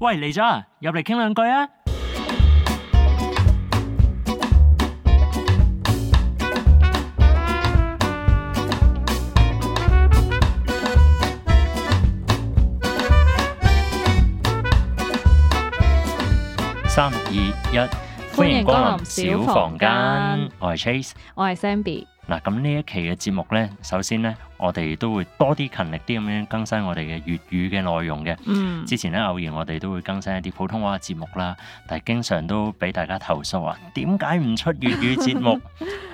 喂，嚟咗啊，入嚟傾兩句啊！三二一，歡迎光臨小房間，我係 Trace，我係 Zenbi。嗱，咁呢一期嘅節目咧，首先咧。我哋都會多啲勤力啲咁樣更新我哋嘅粵語嘅內容嘅。之前咧偶然我哋都會更新一啲普通話嘅節目啦，但係經常都俾大家投訴啊，點解唔出粵語節目？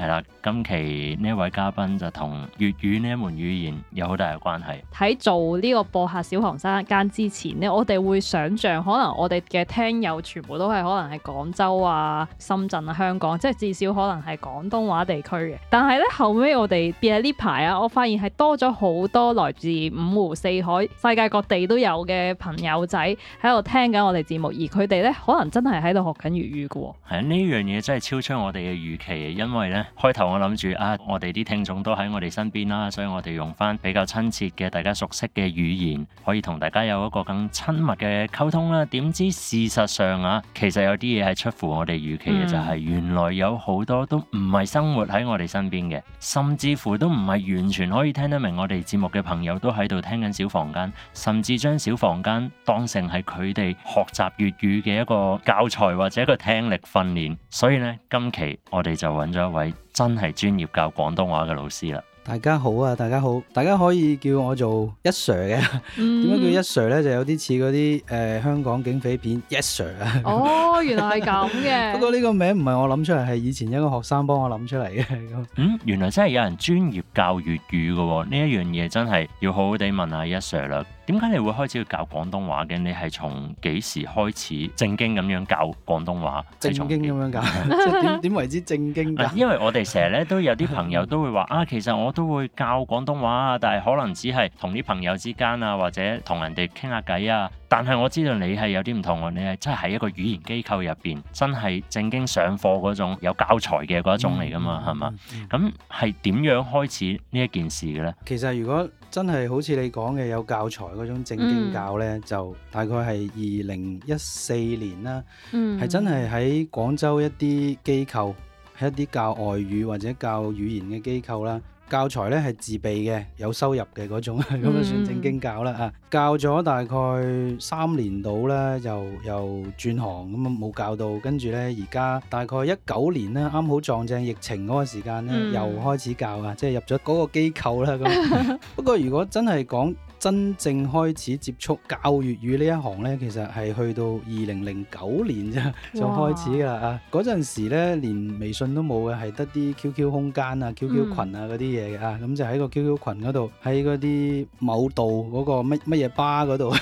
係啦，今期呢一位嘉賓就同粵語呢門語言有好大嘅關係。喺做呢個播客小房間之前呢，我哋會想象可能我哋嘅聽友全部都係可能係廣州啊、深圳啊、香港，即係至少可能係廣東話地區嘅。但係咧後尾，我哋變係呢排啊，我發現係。多咗好多來自五湖四海、世界各地都有嘅朋友仔喺度聽緊我哋節目，而佢哋咧可能真係喺度學緊粵語嘅喎。係啊，呢樣嘢真係超出我哋嘅預期，因為咧開頭我諗住啊，我哋啲聽眾都喺我哋身邊啦，所以我哋用返比較親切嘅、大家熟悉嘅語言，可以同大家有一個更親密嘅溝通啦。點知事實上啊，其實有啲嘢係出乎我哋預期嘅，嗯、就係原來有好多都唔係生活喺我哋身邊嘅，甚至乎都唔係完全可以聽。聽得明我哋節目嘅朋友都喺度聽緊小房間，甚至將小房間當成係佢哋學習粵語嘅一個教材或者一個聽力訓練。所以呢，今期我哋就揾咗一位真係專業教廣東話嘅老師啦。大家好啊，大家好，大家可以叫我做一 Sir 嘅，點 解叫一 Sir 咧？就有啲似嗰啲誒香港警匪片一、嗯、Yes , Sir 啊。 哦，原來係咁嘅。 不過呢個名唔係我諗出嚟，係以前一個學生幫我諗出嚟嘅。 嗯，原來真係有人專業教粵語嘅、哦，呢一樣嘢真係要好好地問，問一下一 Sir 啦。點解你會開始要教廣東話嘅？你係從幾時開始正經咁樣教廣東話？正經咁樣教，即係點為之正經？因為我哋成日咧都有啲朋友都會話 啊，其實我都會教廣東話啊，但係可能只係同啲朋友之間啊，或者同人哋傾下偈啊。但係我知道你係有啲唔同，你係真係喺一個語言機構入邊，真係正經上課嗰種有教材嘅嗰一種嚟噶嘛，係嘛、嗯？咁係點樣開始呢一件事嘅咧？其實如果真係好似你講嘅，有教材嗰種正經教呢，嗯、就大概係二零一四年啦，係、嗯、真係喺廣州一啲機構，係一啲教外語或者教語言嘅機構啦。教材呢係自備嘅，有收入嘅嗰種，咁啊全正經教啦、嗯、教咗大概三年度呢，又又轉行，咁啊冇教到，跟住呢，而家大概一九年呢，啱好撞正疫情嗰個時間呢，又開始教啊，嗯、即係入咗嗰個機構啦。那個、 不過如果真係講，真正開始接觸教粵語呢一行呢，其實係去到二零零九年啫，就開始噶啦。嗰陣哇時呢，連微信都冇嘅，係得啲 QQ 空間啊、QQ 群啊嗰啲嘢嘅。咁就喺個 QQ 群嗰度，喺嗰啲某度嗰個乜乜嘢吧嗰度，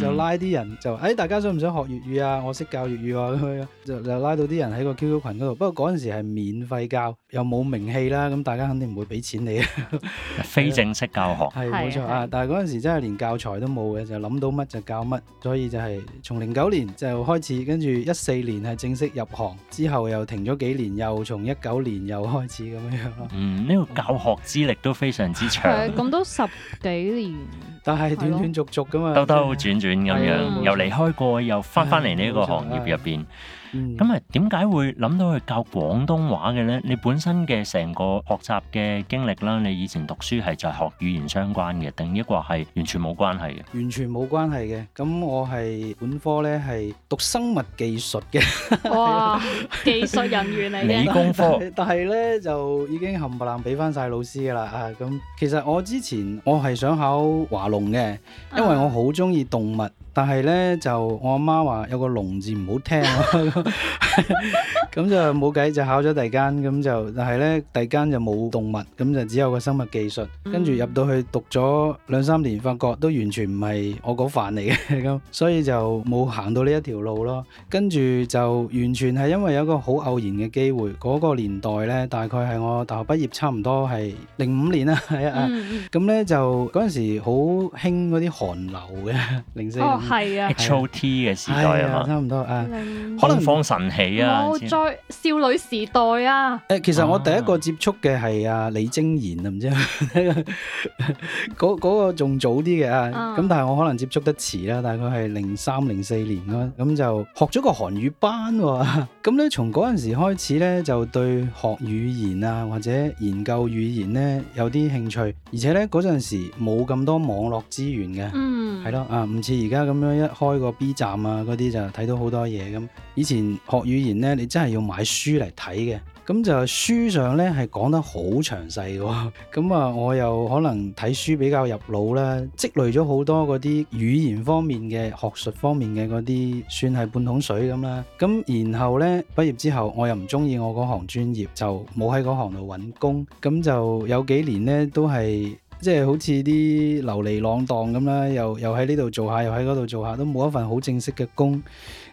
就拉啲人，就誒、哎、大家想唔想學粵語啊？我識教粵語啊，咁 樣就拉到啲人喺個 QQ 群嗰度。不過嗰陣時係免費教，又冇名氣啦，咁大家肯定唔會俾錢你。 非正式教學係冇 錯啊。但係嗰陣時真係連教材都冇嘅，就諗到乜就教乜，所以就係從零九年就開始，跟住一四年係正式入行，之後又停咗幾年，又從一九年又開始咁樣咯。嗯，呢、呢個教學資歷都非常之長。係咁， 都十幾年， 但係斷斷續續噶嘛，兜兜轉轉咁樣，嗯、又離開過，又翻翻嚟呢個行業入邊。咁啊，點解、嗯、會諗到去教廣東話嘅咧？你本身嘅成個學習嘅經歷啦，你以前讀書係就係學語言相關嘅，定抑或係完全冇關係嘅？完全冇關係嘅。咁我係本科咧，係讀生物技術嘅，哇、哦， 技術人員嚟嘅。理工科，但係咧就已經冚唪唥俾翻晒老師噶啦。啊，咁其實我之前我係想考華農嘅，因為我好中意動物。嗯但係呢，就我阿媽話有個龍字唔好聽啊。 咁就冇計，就考咗第二間，咁就但係呢第二間就冇動物，咁就只有個生物技術，跟住入到去讀咗兩三年，發覺都完全唔係我嗰範嚟嘅，咁所以就冇行到呢一條路咯。跟住就完全係因為有個好偶然嘅機會，嗰個年代呢大概係我大學畢業差唔多係零五年啦，係啊，咁呢就嗰陣時好興嗰啲韓流嘅，零四年，係啊，HOT 嘅時代啊嘛，差唔多啊，可能放神起啊。少女時代啊！誒，其實我第一個接觸嘅係阿李貞賢啊，唔知嗰嗰、 嗰個仲早啲嘅啊。咁但係我可能接觸得遲啦，大概係零三零四年咯。咁就學咗個韓語班，咁咧從嗰陣時開始咧，就對學語言啊或者研究語言咧有啲興趣。而且咧嗰陣時冇咁多網絡資源嘅，嗯，係咯啊，唔似而家咁樣一開個 B 站啊嗰啲就睇到好多嘢咁。以前學語言咧，你真係。要買書嚟睇嘅，咁就書上呢係講得好詳細嘅，咁 啊我又可能睇書比較入腦啦，積累咗好多嗰啲語言方面嘅學術方面嘅嗰啲，算係半桶水咁啦。咁然後呢，畢業之後，我又唔中意我嗰行專業，就冇喺嗰行度揾工，咁就有幾年呢，都係即係好似啲流離浪蕩咁啦，又又喺呢度做下，又喺嗰度做下，都冇一份好正式嘅工。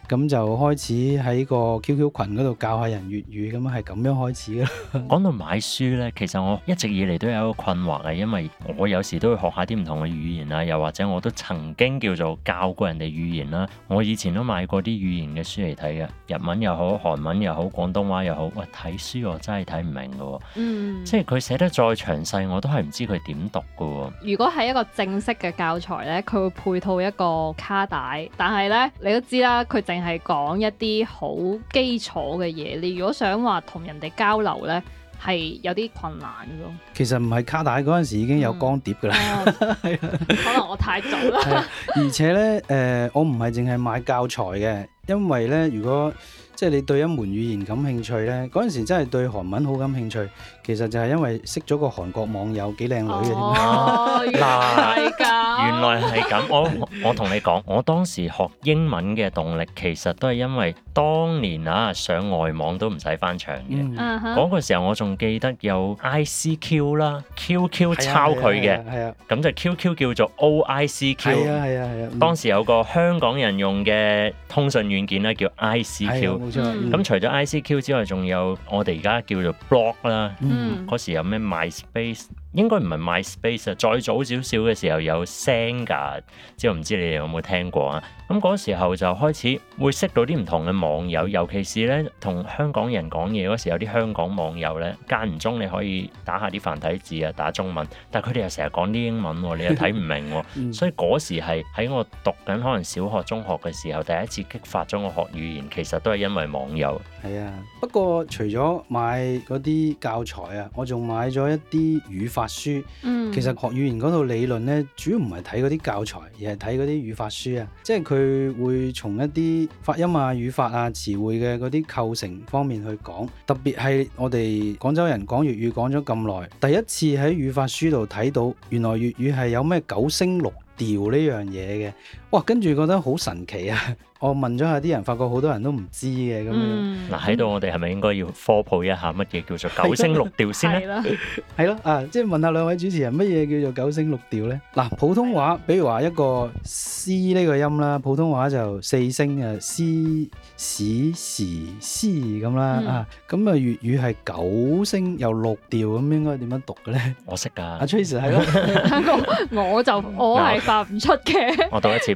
咁就開始喺個 QQ 群嗰度教下人粵語，咁啊係咁樣開始噶。講到買書呢，其實我一直以嚟都有一個困惑，係因為我有時都會學下啲唔同嘅語言啊，又或者我都曾經叫做教過人哋語言啦。我以前都買過啲語言嘅書嚟睇嘅，日文又好、韓文又好、廣東話又好。喂，睇書我真係睇唔明噶，嗯，即係佢寫得再詳細，我都係唔知佢點讀噶。如果係一個正式嘅教材呢，佢會配套一個卡帶，但係呢，你都知啦，佢整定係講一啲好基礎嘅嘢，你如果想話同人哋交流咧，係有啲困難嘅咯。其實唔係卡帶嗰陣時已經有光碟噶啦，嗯呃、 可能我太早啦、呃。而且咧，誒、呃，我唔係淨係買教材嘅。因為咧，如果即係你對一門語言感興趣咧，陣時真係對韓文好感興趣，其實就係因為識咗個韓國網友幾靚女嘅。哦， 原來係咁。 我我同你講，我當時學英文嘅動力其實都係因為當年啊上外網都唔使翻牆嘅。嗯嗯。嗰個時候我仲記得有 ICQ 啦，QQ 抄佢嘅。係啊。咁、啊啊啊、就 QQ 叫做 OICQ。係啊係啊係啊。啊啊嗯、當時有個香港人用嘅通訊。軟件咧，叫 ICQ，咁除咗 ICQ 之外，仲有我哋而家叫做 Blog 啦，嗰時有咩 MySpace。應該唔係 MySpace 啊！再早少少嘅時候有 Sang 㗎，即係唔知你哋有冇聽過啊？咁嗰時候就開始會識到啲唔同嘅網友，尤其是咧同香港人講嘢嗰時，有啲香港網友咧間唔中你可以打下啲繁體字啊，打中文，但係佢哋又成日講啲英文喎，你又睇唔明喎， 所以嗰時係喺我讀緊可能小學、中學嘅時候，第一次激發咗我學語言，其實都係因為網友。係啊，不過除咗買嗰啲教材啊，我仲買咗一啲語法。書，嗯，其實學語言嗰套理論咧，主要唔係睇嗰啲教材，而係睇嗰啲語法書啊。即係佢會從一啲發音啊、語法啊、詞彙嘅嗰啲構成方面去講。特別係我哋廣州人講粵語講咗咁耐，第一次喺語法書度睇到，原來粵語係有咩九聲六調呢樣嘢嘅。哇，跟住覺得好神奇啊！我問咗下啲人，發覺好多人都唔知嘅咁樣。嗱、嗯，喺度、啊、我哋係咪應該要科普一下乜嘢叫做九聲六調先咧？係咯 係咯， 啊，即係問下兩位主持人乜嘢叫做九聲六調咧？嗱、啊，普通話，比如話一個 C 呢個音啦，普通話就四聲嘅 C、始、時、思咁啦，啊，咁啊粵語係九聲又六調咁，應該點樣讀嘅咧、啊？我識㗎，阿 Trace 係咯我就我係發唔出嘅，我讀 一次。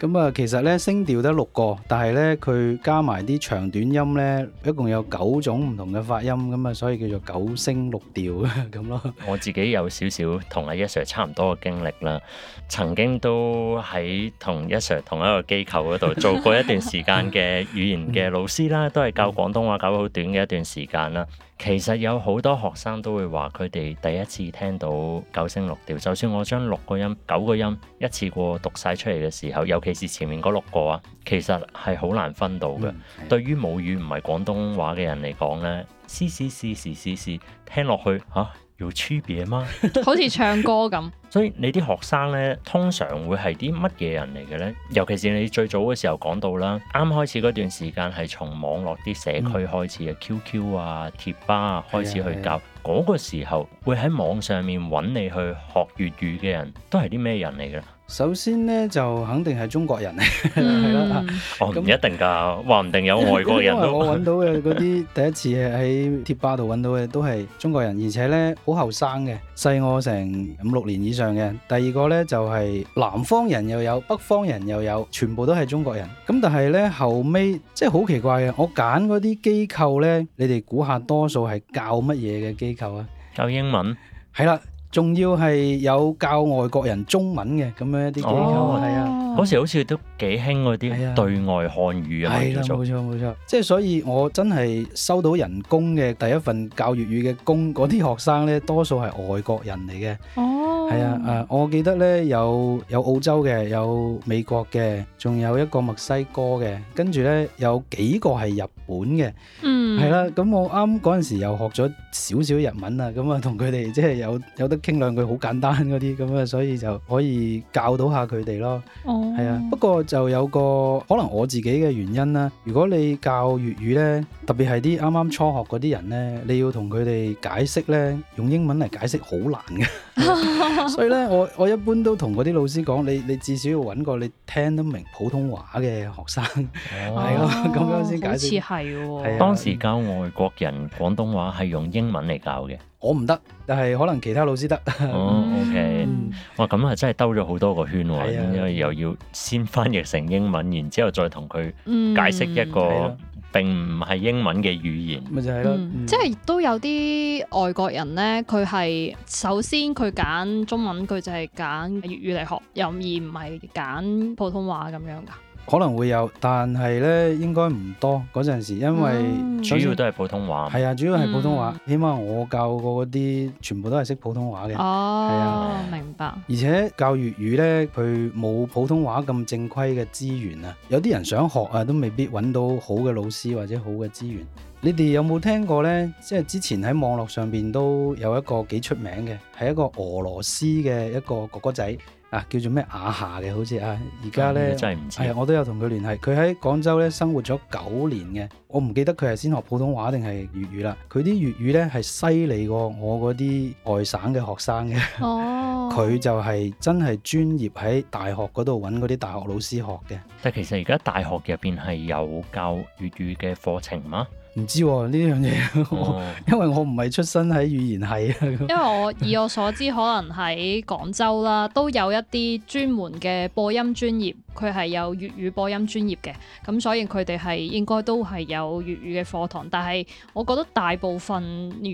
咁啊、嗯，其實咧聲調得六個，但係咧佢加埋啲長短音咧，一共有九種唔同嘅發音，咁啊，所以叫做九聲六調啊，咁咯。我自己有少少同阿一 Sir 和 Y 差唔多嘅經歷啦，曾經都喺同一 Sir 和 Y 同一個機構嗰度做過一段時間嘅語言嘅老師啦，都係教廣東話，搞得好短嘅一段時間啦。 其實有好多學生都會話佢哋第一次聽到九聲六調，就算我將六個音、九個音一次過讀晒出嚟嘅時候，尤其是前面嗰六個啊，其實係好難分到嘅。嗯、對於母語唔係廣東話嘅人嚟講呢，嘶嘶嘶時嘶嘶，嘶，嘶，嘶嘶，聽落去嚇。啊有區別嗎？ 好似唱歌咁。 所以你啲學生呢，通常會係啲乜嘢人嚟嘅呢？尤其是你最早嘅時候講到啦，啱開始嗰段時間係從網絡啲社區開始嘅、嗯、QQ 啊、貼吧啊開始去教。嗰個時候會喺網上面揾你去學粵語嘅人都係啲咩人嚟嘅？首先呢就肯定係中國人，係啦。我唔一定㗎，話唔定有外國人啦。因為我揾到嘅嗰啲第一次喺貼吧度揾到嘅都係中國人，而且呢好後生嘅，細我成五六年以上嘅。第二個呢就係南方人又有，北方人又有，全部都係中國人。咁但係呢後尾即係好奇怪嘅，我揀嗰啲機構呢，你哋估下多數係教乜嘢嘅機構啊？教英文。係啦。仲要係有教外國人中文嘅咁樣一啲機構啊，係啊，嗰時好似都幾興嗰啲對外漢語啊，叫做冇、啊、錯冇錯，即係所以我真係收到人工嘅第一份教粵語嘅工，嗰啲、嗯、學生咧多數係外國人嚟嘅。哦。係啊，誒，我記得咧有有澳洲嘅，有美國嘅，仲有一個墨西哥嘅，跟住咧有幾個係日本嘅、嗯啊，嗯，係啦，咁我啱嗰陣時又學咗少少日文啊，咁啊同佢哋即係有有得傾兩句好簡單嗰啲，咁、嗯、啊所以就可以教到下佢哋咯，哦，係啊，不過就有個可能我自己嘅原因啦，如果你教粵語咧，特別係啲啱啱初學嗰啲人咧，你要同佢哋解釋咧，用英文嚟解釋好難嘅。 所以咧，我我一般都同嗰啲老師講，你你至少要揾個你聽得明普通話嘅學生，係咯、啊，咁 對樣先解釋。好似係、哦、當時教外國人廣東話係用英文嚟教嘅。 我唔得，但係可能其他老師得。哦，OK， 哇，咁啊，真係兜咗好多個圈喎， 啊、因為又要先翻譯成英文，然之後再同佢解釋一個、嗯。並唔係英文嘅語言，咪就係咯，嗯、即係都有啲外國人咧，佢係首先佢揀中文，佢就係揀粵語嚟學，而唔係揀普通話咁樣噶。可能會有，但係咧應該唔多嗰陣時，因為、嗯、主要都係普通話。係、嗯、啊，主要係普通話。嗯、起碼我教過嗰啲全部都係識普通話嘅。哦，啊、明白。而且教粵語呢，佢冇普通話咁正規嘅資源啊。有啲人想學啊，都未必揾到好嘅老師或者好嘅資源。你哋有冇聽過呢？即係之前喺網絡上邊都有一個幾出名嘅，係一個俄羅斯嘅一個哥哥仔。啊，叫做咩雅夏嘅，好似啊，而家咧，係、嗯、我都有同佢聯繫。佢喺廣州咧生活咗九年嘅，我唔記得佢係先學普通話定係粵語啦。佢啲粵語咧係犀利過我嗰啲外省嘅學生嘅。哦，佢就係真係專業喺大學嗰度揾嗰啲大學老師學嘅。但其實而家大學入邊係有教粵語嘅課程嗎？唔知喎，呢樣嘢，因為我唔係出身喺語言系，因為我 以我所知，可能喺廣州啦，都有一啲專門嘅播音專業。佢係有粵語播音專業嘅，咁所以佢哋係應該都係有粵語嘅課堂。但係我覺得大部分，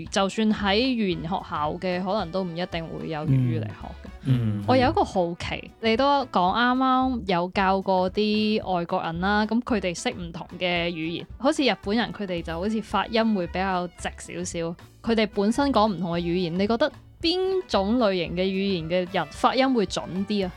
就算喺語言學校嘅，可能都唔一定會有粵語嚟學嘅。嗯嗯嗯、我有一個好奇，你都講啱啱有教過啲外國人啦，咁佢哋識唔同嘅語言，好似日本人，佢哋就好似發音會比較直少少。佢哋本身講唔同嘅語言，你覺得邊種類型嘅語言嘅人發音會準啲啊？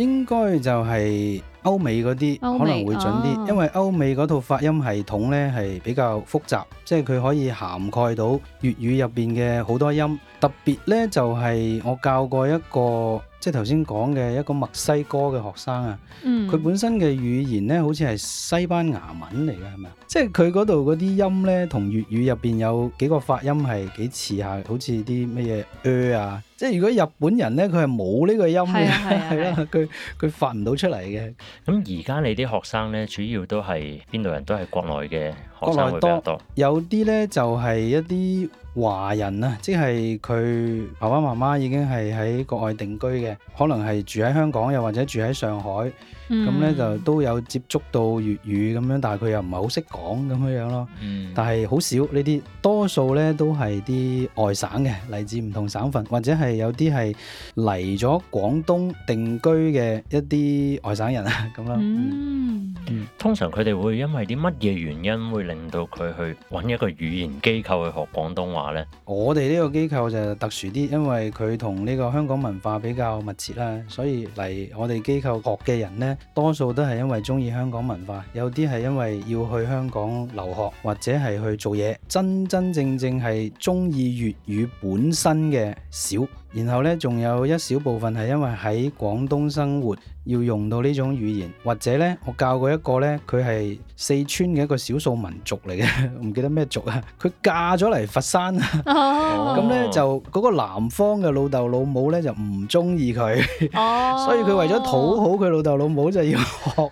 應該就係歐美嗰啲，歐美可能會準啲，因為歐美嗰套發音系統呢係比較複雜，即係佢可以涵蓋到粵語入邊嘅好多音，特別呢，就係、是、我教過一個。即係頭先講嘅一個墨西哥嘅學生啊，佢、嗯、本身嘅語言咧好似係西班牙文嚟嘅，係咪啊？即係佢嗰度嗰啲音咧，同粵語入邊有幾個發音係幾似下，好似啲乜嘢呃啊？即係如果日本人咧，佢係冇呢個音嘅，係啦，佢佢 發唔到出嚟嘅。咁而家你啲學生咧，主要都係邊度人？都係國內嘅學生會比較多，多，有啲咧就係、是、一啲。華人啊，即係佢爸爸媽媽已經係喺國外定居嘅，可能係住喺香港，又或者住喺上海。咁咧、嗯、就都有接觸到粵語咁樣，但係佢又唔係好識講咁樣樣咯。嗯、但係好少呢啲，多數咧都係啲外省嘅，嚟自唔同省份，或者係有啲係嚟咗廣東定居嘅一啲外省人啊咁咯。樣。嗯嗯、通常佢哋會因為啲乜嘢原因會令到佢去搵一個語言機構去學廣東話呢？我哋呢個機構就特殊啲，因為佢同呢個香港文化比較密切啦，所以嚟我哋機構學嘅人呢，多數都係因為鍾意香港文化，有啲係因為要去香港留學，或者係去做嘢，真真正正係鍾意粵語本身嘅少。然後呢，仲有一小部分係因為喺廣東生活要用到呢種語言，或者呢，我教過一個呢，佢係四川嘅一個少數民族嚟嘅，唔記得咩族啊，佢嫁咗嚟佛山啊，咁呢，oh. 就嗰個南方嘅老豆老母呢就唔中意佢，oh. 所以佢為咗討好佢老豆老母就要學。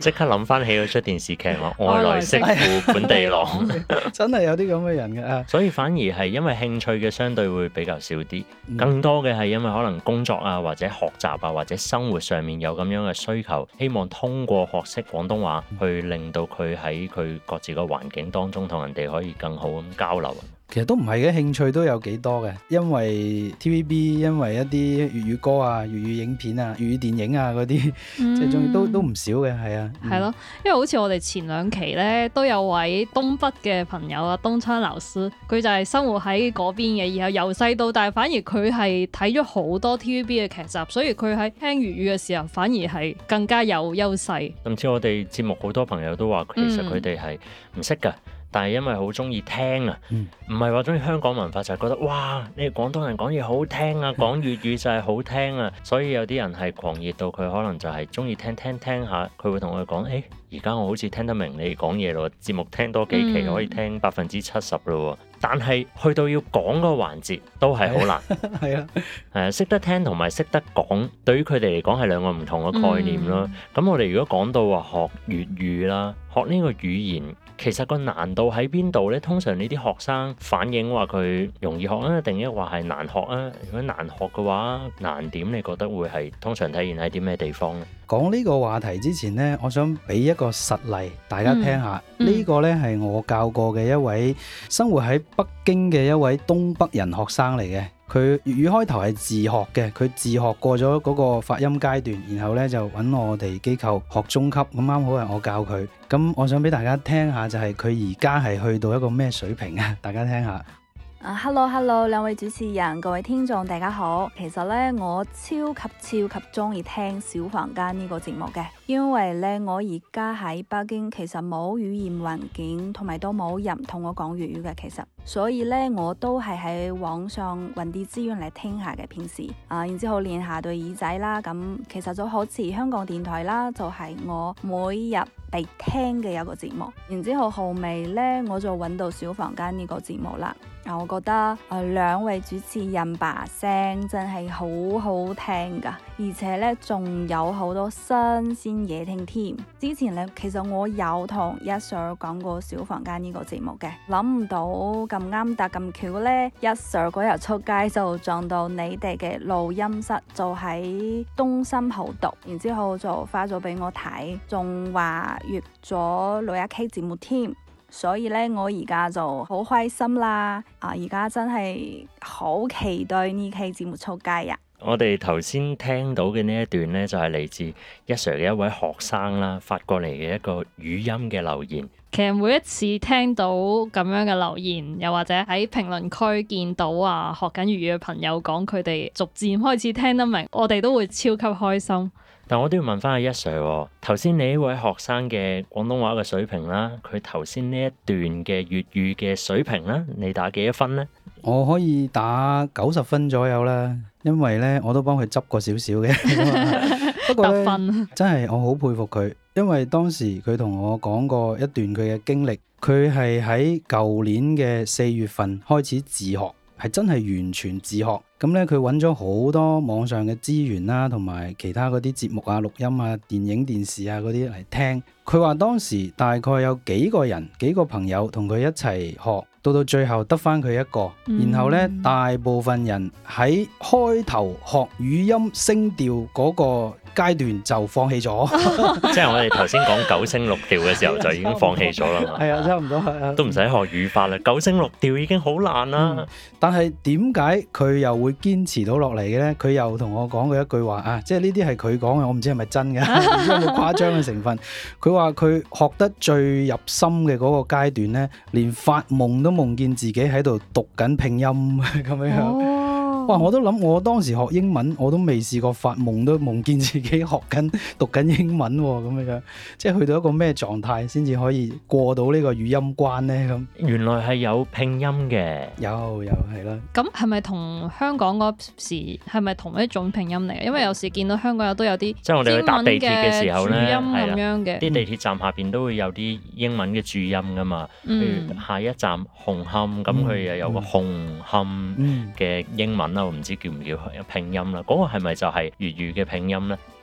即 刻諗翻起嗰出電視劇、啊《外來媳婦本地郎》 真，真係有啲咁嘅人嘅。所以反而係因為興趣嘅相對會比較少啲，更多嘅係因為可能工作啊，或者學習啊，或者生活上面有咁樣嘅需求，希望通過學識廣東話去令到佢喺佢各自嘅環境當中同人哋可以更好咁交流。其實都唔係嘅，興趣都有幾多嘅，因為 TVB 因為一啲粵語歌啊、粵語影片啊、粵語電影啊嗰啲，即係、嗯、都都唔少嘅，係啊。係、嗯、咯，因為好似我哋前兩期呢，都有位東北嘅朋友啊，東昌老師，佢就係生活喺嗰邊嘅，然後由細到大，反而佢係睇咗好多 TVB 嘅劇集，所以佢喺聽粵語嘅時候，反而係更加有優勢。甚至我哋節目好多朋友都話，其實佢哋係唔識嘅。嗯但係因為好中意聽啊，唔係話中意香港文化，就係、是、覺得哇，你哋廣東人講嘢好聽啊，講粵語就係好聽啊， 所以有啲人係狂熱到佢可能就係中意聽聽聽下，佢會同我講，誒，而家我好似聽得明你講嘢咯，節目聽多幾期、嗯、可以聽百分之七十咯，但係去到要講個環節都係好難，係 啊，誒，識得聽同埋識得講對於佢哋嚟講係兩個唔同嘅概念咯。咁、嗯、我哋如果講到話學粵語啦，學呢個語言。其實個難度喺邊度呢？通常呢啲學生反映話佢容易學啊，定一話係難學啊？如果難學嘅話，難點你覺得會係通常體現喺啲咩地方呢？講呢個話題之前呢，我想俾一個實例大家聽下。呢、嗯、個呢係我教過嘅一位、嗯、生活喺北京嘅一位東北人學生嚟嘅。佢粵語開頭係自學嘅，佢自學過咗嗰個發音階段，然後呢就揾我哋機構學中級，咁啱好係我教佢。咁我想俾大家聽下，就係佢而家係去到一個咩水平啊？大家聽下。hello hello，兩位主持人，各位聽眾，大家好。其實呢，我超級超級鍾意聽小房間呢個節目嘅，因為呢，我而家喺北京，其實冇語言環境，同埋都冇人同我講粵語嘅，其實，所以呢，我都係喺網上揾啲資源嚟聽下嘅，平時啊，然之後練下對耳仔啦。咁、啊、其實就好似香港電台啦，就係、是、我每日必聽嘅一個節目。然之後後尾呢，我就揾到小房間呢個節目啦。我覺得誒，呃，兩位主持人把聲真係好好聽噶，而且咧仲有好多新鮮嘢聽添。之前咧，其實我有同一 Sir 講過小房間呢個節目嘅，諗唔到咁啱搭咁巧咧，一 Sir 嗰日出街就撞到你哋嘅錄音室，就喺東山豪獨，然之後就發咗俾我睇，仲話約咗錄一期節目添。所以咧，我而家就好開心啦！啊，而家真係好期待呢期節目出街呀！我哋頭先聽到嘅呢一段呢，就係嚟自一 Sir 嘅一位學生啦，發過嚟嘅一個語音嘅留言。其實每一次聽到咁樣嘅留言，又或者喺評論區見到啊，學緊粵語嘅朋友講佢哋逐漸開始聽得明，我哋都會超級開心。但我都要問翻阿一 Sir 喎，頭先你呢位學生嘅廣東話嘅水平啦，佢頭先呢一段嘅粵語嘅水平啦，你打幾多分呢？我可以打九十分左右啦，因為咧我都幫佢執過少少嘅。 不過得呢 分真係我好佩服佢，因為當時佢同我講過一段佢嘅經歷，佢係喺舊年嘅四月份開始自學，係真係完全自學。咁咧，佢揾咗好多網上嘅資源啦、啊，同埋其他嗰啲節目啊、錄音啊、電影、電視啊嗰啲嚟聽。佢話當時大概有幾個人、幾個朋友同佢一齊學，到到最後得返佢一個。嗯、然後咧，大部分人喺開頭學語音聲調嗰個階段就放棄咗， 即係我哋頭先講九聲六調嘅時候，就已經放棄咗啦。係啊，差唔多係啊，都唔使學語法啦。 九聲六調已經好難啦、嗯。但係點解佢又會堅持到落嚟嘅咧？佢又同我講過一句話啊，即係呢啲係佢講嘅，我唔知係咪真嘅，有冇誇張嘅成分。佢話佢學得最入心嘅嗰個階段咧，連發夢都夢見自己喺度讀緊拼音咁樣樣。哦 我都諗，我當時學英文，我都未試過發夢都夢見自己學緊讀緊英文喎，咁樣，即係去到一個咩狀態先至可以過到呢個語音關呢？咁原來係有拼音嘅，有，有係啦。咁係咪同香港嗰時係咪同一種拼音嚟？因為有時見到香港有都有啲即係我哋去搭地鐵嘅時候咧，啲、嗯、地鐵站下邊都會有啲英文嘅注音㗎嘛。譬、嗯、如下一站紅磡，咁佢、嗯、又有個紅磡嘅英文。嗯。我唔知叫唔叫拼音啦，嗰、嗰個係咪就係粵語嘅拼音咧？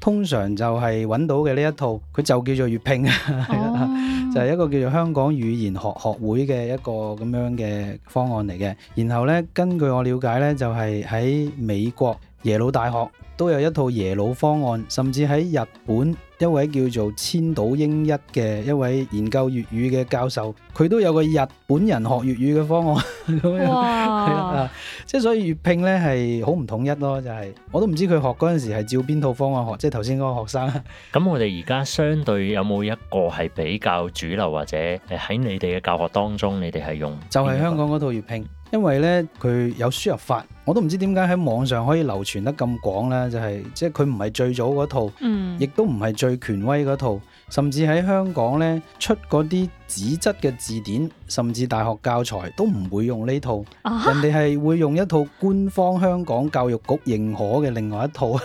通常就係揾到嘅呢一套，佢就叫做粵拼，oh. 就係一個叫做香港語言學學會嘅一個咁樣嘅方案嚟嘅。然後呢，根據我了解呢，就係、是、喺美國耶魯大學都有一套耶魯方案，甚至喺日本。一位叫做千島英一嘅一位研究粵語嘅教授，佢都有個日本人學粵語嘅方案咁樣，即 係哇 所以粵拼呢，係好唔統一咯，就係、是、我都唔知佢學嗰陣時係照邊套方案學，即係頭先嗰個學生。咁我哋而家相對有冇一個係比較主流，或者喺你哋嘅教學當中你，你哋係用就係香港嗰套粵拼。因為咧，佢有輸入法，我都唔知點解喺網上可以流傳得咁廣咧，就係即係佢唔係最早嗰套，嗯、亦都唔係最權威嗰套。甚至喺香港咧出嗰啲紙質嘅字典，甚至大學教材都唔會用呢套，啊、哈人哋係會用一套官方香港教育局認可嘅另外一套，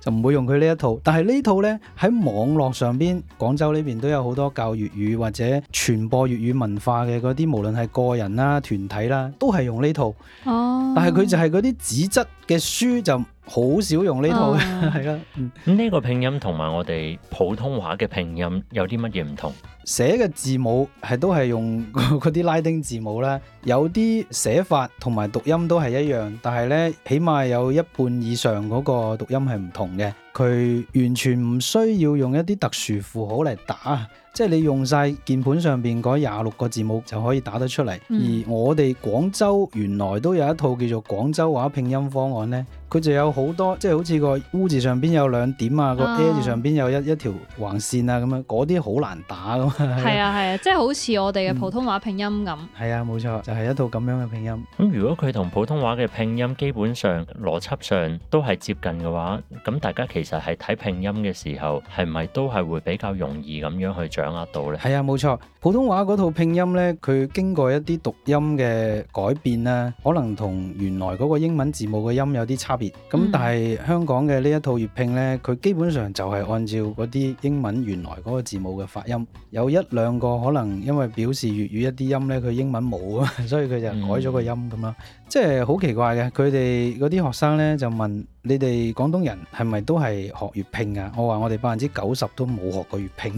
就唔會用佢呢一套。但係呢套呢，喺網絡上邊，廣州呢邊都有好多教粵語或者傳播粵語文化嘅嗰啲，無論係個人啦、團體啦，都係用呢套。啊、但係佢就係嗰啲紙質嘅書就。好少用呢套係啦、哦。呢、 嗯嗯這個拼音同埋我哋普通話嘅拼音有啲乜嘢唔同？寫嘅字母係都係用嗰啲拉丁字母啦，有啲寫法同埋讀音都係一樣，但係呢，起碼有一半以上嗰個讀音係唔同嘅。佢完全唔需要用一啲特殊符號嚟打，即、就、係、係、你用晒鍵盤上邊嗰廿六個字母就可以打得出嚟。嗯、而我哋廣州原來都有一套叫做廣州話拼音方案呢。佢就有好多，即係好似個 U 字上邊有兩點啊，啊個 A 字上邊有一一條橫線啊，咁樣嗰啲好難打噶嘛。係啊係啊，即係、啊就是、好似我哋嘅普通話拼音咁。係、嗯、啊，冇錯，就係、是、一套咁樣嘅拼音。咁如果佢同普通話嘅拼音基本上邏輯上都係接近嘅話，咁大家其實係睇拼音嘅時候，係咪都係會比較容易咁樣去掌握到咧？係啊，冇錯，普通話嗰套拼音咧，佢經過一啲讀音嘅改變咧，可能同原來嗰個英文字母嘅音有啲差。咁、嗯、但係香港嘅呢一套粵拼呢，佢基本上就係按照嗰啲英文原來嗰個字母嘅發音，有一兩個可能因為表示粵語一啲音呢，佢英文冇啊，所以佢就改咗個音咁咯。嗯、即係好奇怪嘅，佢哋嗰啲學生呢，就問：你哋廣東人係咪都係學粵拼啊？我話我哋百分之九十都冇學過粵拼，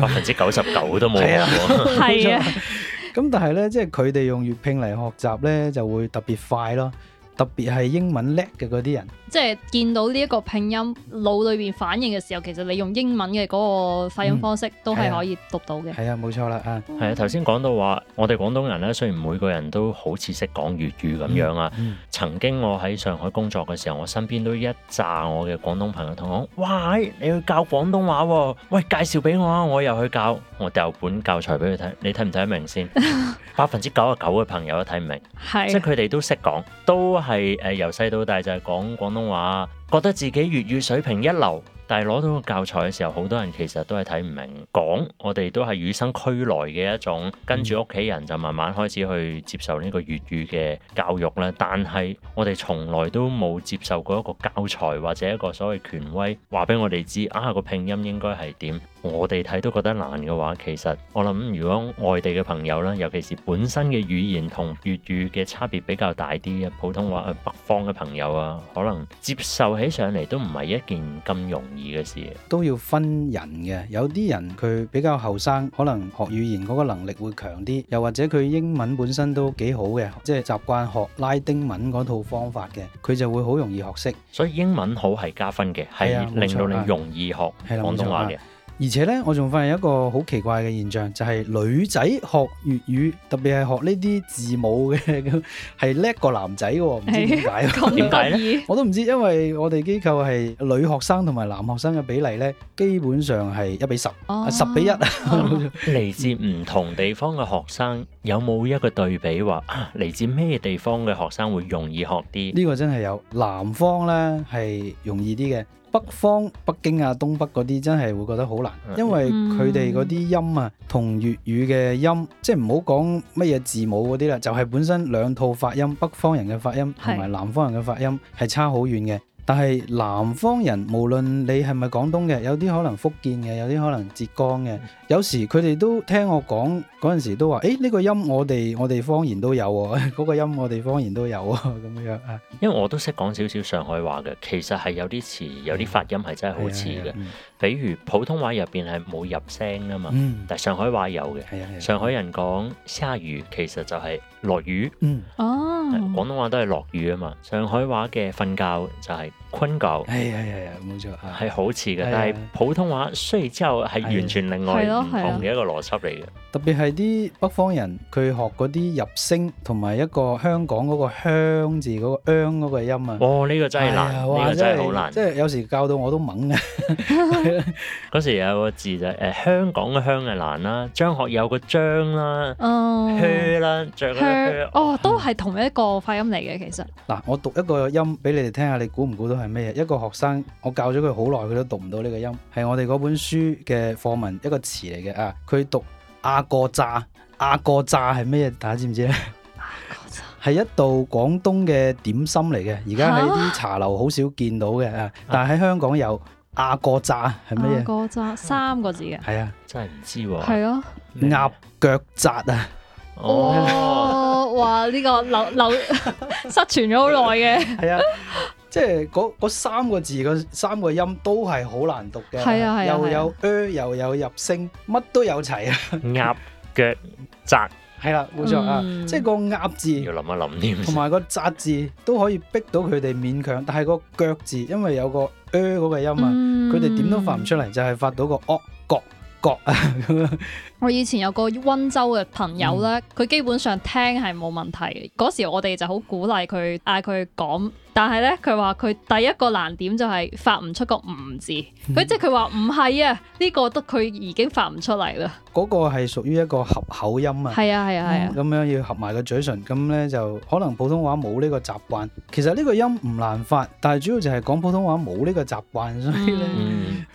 百分之九十九都冇。係啊，咁但係呢，即係佢哋用粵拼嚟學習呢，就會特別快咯。特別係英文叻嘅嗰啲人，即係見到呢一個拼音腦裏邊反應嘅時候，其實你用英文嘅嗰個發音方式都係可以讀到嘅。係啊、嗯，冇錯啦啊。係、嗯、啊，頭先講到話，我哋廣東人咧，雖然每個人都好似識講粵語咁樣啊。嗯嗯、曾經我喺上海工作嘅時候，我身邊都一紮我嘅廣東朋友同我講：哇，你去教廣東話喎、啊？喂，介紹俾我啊！我又去教我掉本教材俾佢睇，你睇唔睇得明先？百分之九十九嘅朋友都睇唔明，即係佢哋都識講，都。係誒，由細、呃、到大就係講廣東話，覺得自己粵語水平一流。但係攞到個教材嘅時候，好多人其實都係睇唔明講。我哋都係與生俱來嘅一種，跟住屋企人就慢慢開始去接受呢個粵語嘅教育啦。但係我哋從來都冇接受過一個教材或者一個所謂權威話俾我哋知啊個拼音應該係點。我哋睇都覺得難嘅話，其實我諗如果外地嘅朋友啦，尤其是本身嘅語言同粵語嘅差別比較大啲嘅普通話、呃、北方嘅朋友啊，可能接受起上嚟都唔係一件咁容。嘅都要分人嘅，有啲人佢比較後生，可能學語言嗰個能力會強啲，又或者佢英文本身都幾好嘅，即係習慣學拉丁文嗰套方法嘅，佢就會好容易學識。所以英文好係加分嘅，係、啊啊、令到你容易學廣東話嘅。而且咧，我仲發現一個好奇怪嘅現象，就係、是、女仔學粵語，特別係學呢啲字母嘅，係叻過男仔嘅，唔知點解，點解咧？我都唔知，因為我哋機構係女學生同埋男學生嘅比例咧，基本上係一比十、oh, 比，十比一。嚟自唔同地方嘅學生有冇一個對比話嚟自咩地方嘅學生會容易學啲？呢個真係有，南方咧係容易啲嘅。北方、北京啊、東北嗰啲真係會覺得好難，因為佢哋嗰啲音啊，同粵語嘅音，即係唔好講乜嘢字母嗰啲啦，就係本身兩套發音，北方人嘅發音同埋南方人嘅發音係差好遠嘅。但係南方人，無論你係咪廣東嘅，有啲可能福建嘅，有啲可能浙江嘅，有時佢哋都聽我講嗰陣時都話：誒、欸、呢、呢個音我哋我哋方言都有喎，嗰 個音我哋方言都有啊，咁樣啊。因為我都識講少少上海話嘅，其實係有啲詞，有啲發音係真係好似嘅。啊啊嗯、比如普通話入邊係冇入聲啊嘛，嗯、但係上海話有嘅。係啊係、啊、上海人講鯊魚其實就係、是。落雨，哦、嗯，廣東話都係落雨啊嘛，上海話嘅瞓覺就係、是。昆狗，係係係冇錯，係好似嘅，但係普通話雖然之後係完全另外唔同嘅一個邏輯嚟嘅，特別係啲北方人佢學嗰啲入聲，同埋一個香港嗰個香字嗰個個音啊，哦，呢個真係難，呢個真係好難，即係有時教到我都懵嘅。嗰時有個字就係誒，香港嘅香係難啦，張學友個張啦，圈啦，張，哦，都係同一個發音嚟嘅，其實。嗱，我讀一個音俾你哋聽下，你估唔估到係？咩啊？一個學生，我教咗佢好耐，佢都讀唔到呢個音。係我哋嗰本書嘅課文一個詞嚟嘅啊。佢讀阿角炸，阿角炸係咩啊？大家知唔知咧？鴨角炸係一道廣東嘅點心嚟嘅，而家喺啲茶樓好少見到嘅啊。但係喺香港有阿角炸係咩啊？鴨角炸、啊、三個字嘅。係啊，真係唔知喎。係咯，鴨腳炸啊！啊啊哦，哦 哇！呢、這個流流失傳咗好耐嘅。係 啊。即係嗰三個字，個三個音都係好難讀嘅。係啊係啊，又有 er、呃、又有入聲，乜都有齊啊 。鴨腳扎係啦，冇錯啊。 錯嗯、即係個鴨字要諗一諗添，同埋個扎字都可以逼到佢哋勉強，但係個腳字因為有個 er 嗰個音啊，佢哋點都發唔出嚟，就係、是、發到個哦、呃、角角啊咁樣。我以前有個溫州嘅朋友咧，佢基本上聽係冇問題。嗰時我哋就好鼓勵佢嗌佢講，但係咧佢話佢第一個難點就係發唔出個唔、呃、字。佢、嗯、即係佢話唔係啊，呢、這個得佢已經發唔出嚟啦。嗰個係屬於一個合口音啊。係啊係啊係啊。咁、啊嗯、樣要合埋個嘴唇，咁咧就可能普通話冇呢個習慣。其實呢個音唔難發，但係主要就係講普通話冇呢個習慣，所以咧。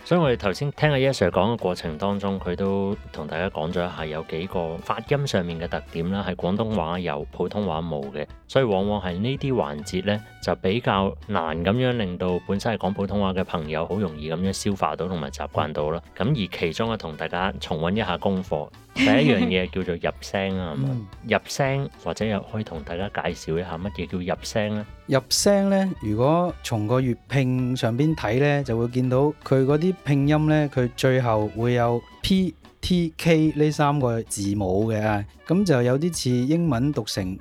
所以我哋頭先聽阿一 Sir 講嘅過程當中，佢都同大家。講咗一下有幾個發音上面嘅特點啦，係廣東話有普通話冇嘅，所以往往係呢啲環節呢就比較難咁樣令到本身係講普通話嘅朋友好容易咁樣消化到同埋習慣到咯。咁、嗯、而其中啊，同大家重溫一下功課第一樣嘢叫做入聲啊， 入聲或者又可以同大家介紹一下乜嘢叫入聲咧？入聲呢，如果從個粵拼上邊睇呢，就會見到佢嗰啲拼音呢，佢最後會有 p。T K 呢三個字母嘅，咁就有啲似英文讀成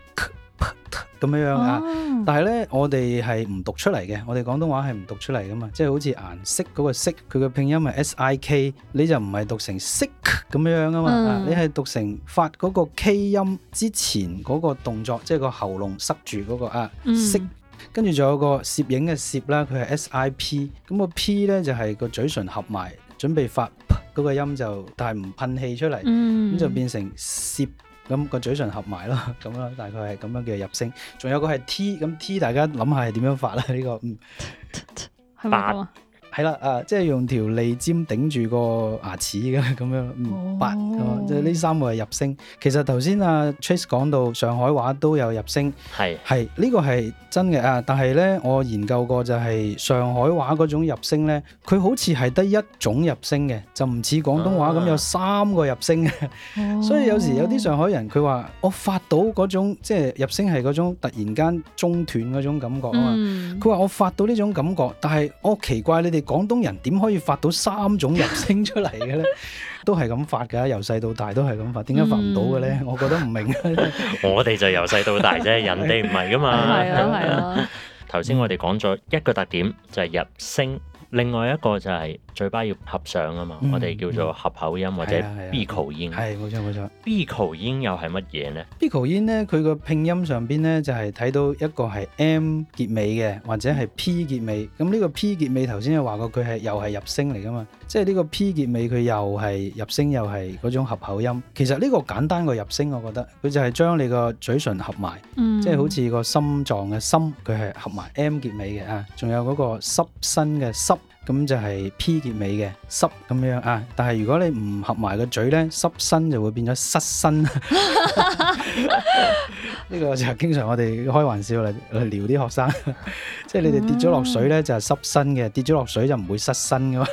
咁樣啊，但係呢，我哋係唔讀出嚟嘅，我哋廣東話係唔讀出嚟噶嘛，即係好似顏色嗰個色，佢個拼音係 S I K，你就唔係讀成 SICK 咁樣啊嘛，你係讀成發嗰個 K 音之前嗰個動作，即係個喉嚨塞住嗰個啊，跟住仲有個攝影嘅攝啦，佢係 S I P，咁個 P 呢，就係個嘴唇合埋。準備發嗰、嗰個音就，但係唔噴氣出嚟，咁、嗯、就變成攝咁、嗰個嘴唇合埋咯，咁咯，大概係咁樣嘅入聲。仲有個係 T，咁 T 大家諗下係點樣發啦？呢、呢個嗯，是是嗰個、八。係啦，啊，即係用條脷尖頂住個牙齒嘅咁樣，拔、oh.，即係呢三個係入聲。其實頭先阿 Trace 講到上海話都有入聲，係是，係呢、呢個係真嘅啊。但係咧，我研究過就係上海話嗰種入聲咧，佢好似係得一種入聲嘅，就唔似廣東話咁、ah. 有三個入聲。Oh. 所以有時有啲上海人佢話，我發到嗰種即係入聲係嗰種突然間中斷嗰種感覺啊嘛。佢話、mm. 嗯、我發到呢種感覺，但係我奇怪你哋。廣東人點可以發到三種入聲出嚟嘅呢？ 都係咁發㗎，由細到大都係咁發。點解發唔到嘅呢？嗯、我覺得唔明 我哋就由細到大啫， 人哋唔係㗎嘛。係頭先我哋講咗一個特點，就係、係、入聲。另外一個就係嘴巴要合上啊嘛，嗯、我哋叫做合口音、嗯、或者閉口音。係冇錯冇錯，閉口音又係乜嘢咧？閉口音咧，佢個拼音上邊咧就係、是、睇到一個係 M 結尾嘅，或者係 P 結尾。咁呢、嗯、個 P 結尾頭先就話過佢係又係入聲嚟噶嘛，即係呢個 P 結尾佢又係入聲又係嗰種合口音。其實呢個簡單過入聲，我覺得佢就係將你個嘴唇合埋，即係好似個心臟嘅心，佢係合埋 M 結尾嘅啊。仲有嗰個濕身嘅濕。咁就係 P 結尾嘅濕咁樣啊！但係如果你唔合埋個嘴咧，濕身就會變咗失身。 呢個就係經常我哋開玩笑嚟嚟聊啲學生， 即係你哋跌咗落水咧就係濕身嘅，跌咗落水就唔會失身噶嘛。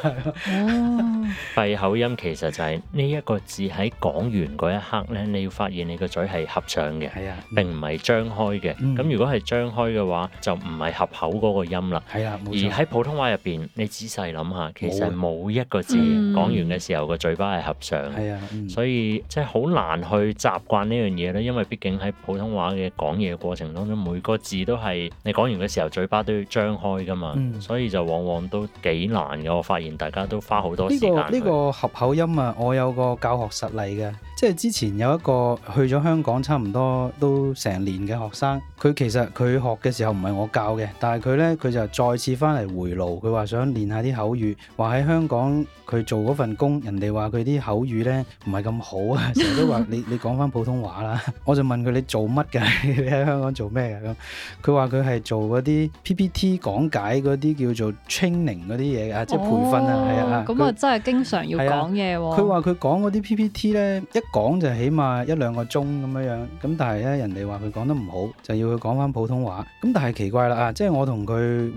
閉 口音其實就係呢一個字喺講完嗰一刻咧，你要發現你個嘴係合上嘅，啊嗯、並唔係張開嘅。咁、嗯、如果係張開嘅話，就唔係合口嗰個音啦。係啊，冇錯。而喺普通話入邊，你仔細諗下，其實冇一個字、嗯、講完嘅時候個嘴巴係合上嘅。啊，嗯、啊所以即係好難去習慣呢樣嘢咧，因為畢竟喺普通話嘅講嘢過程當中，每個字都係你講完嘅時候，嘴巴都要張開噶嘛，嗯、所以就往往都幾難嘅。我發現大家都花好多時間呢、呢個呢個合口音啊，我有個教學實例嘅。即係之前有一個去咗香港差唔多都成年嘅學生，佢其實佢學嘅時候唔係我教嘅，但係佢咧佢就再次翻嚟回爐，佢話想練下啲口語。話喺香港佢做嗰份工，人哋話佢啲口語咧唔係咁好啊，成日都話 你你講翻普通話啦。我就問佢你做乜嘅？你喺香港做咩嘅？咁佢話佢係做嗰啲 PPT 講解嗰啲叫做 training 嗰啲嘢啊，即係培訓啊，係啊他。咁啊真係經常要講嘢喎。佢話佢講嗰啲 PPT 咧一。佢講就起碼一兩個鐘咁樣樣，咁但係咧人哋話佢講得唔好，就要佢講返普通話。咁但係奇怪啦啊，即係我同佢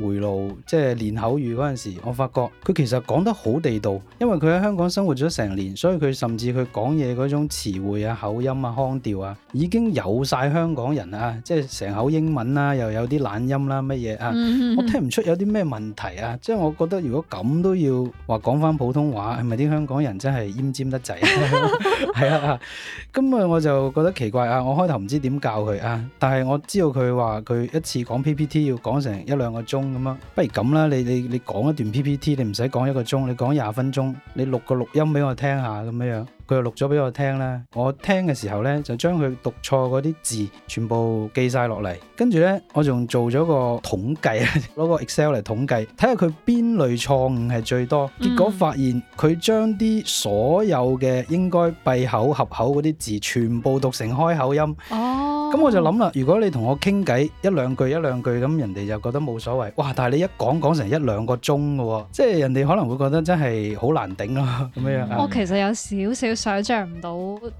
回路，即係練口語嗰陣時，我發覺佢其實講得好地道，因為佢喺香港生活咗成年，所以佢甚至佢講嘢嗰種詞彙啊、口音啊、腔調啊，已經有晒香港人啊，即係成口英文啦，又有啲懶音啦乜嘢啊，嗯嗯嗯我聽唔出有啲咩問題啊，即係我覺得如果咁都要話講返普通話，係咪啲香港人真係奄尖得滯啊？係啊。 啊，咁啊，我就覺得奇怪啊，我開頭唔知點教佢啊，但係我知道佢話佢一次講 PPT 要講成一兩個鐘咁樣，不如咁啦，你你你講一段 PPT，你唔使講一個鐘，你講廿分鐘，你錄個錄音俾我聽下咁樣樣。佢又錄咗俾我聽呢，我聽嘅時候呢就將佢讀錯嗰啲字全部記晒落嚟，跟住呢我仲做咗個統計啊，攞個 Excel 嚟統計，睇下佢邊類錯誤係最多。結果發現佢將啲所有嘅應該閉口合口嗰啲字全部讀成開口音。哦，咁我就諗啦，如果你同我傾偈一兩句一兩句咁，人哋就覺得冇所謂。哇！但係你一講講成一兩個鐘㗎喎，即係人哋可能會覺得真係好難頂咯咁樣。我其實有少少。想像唔到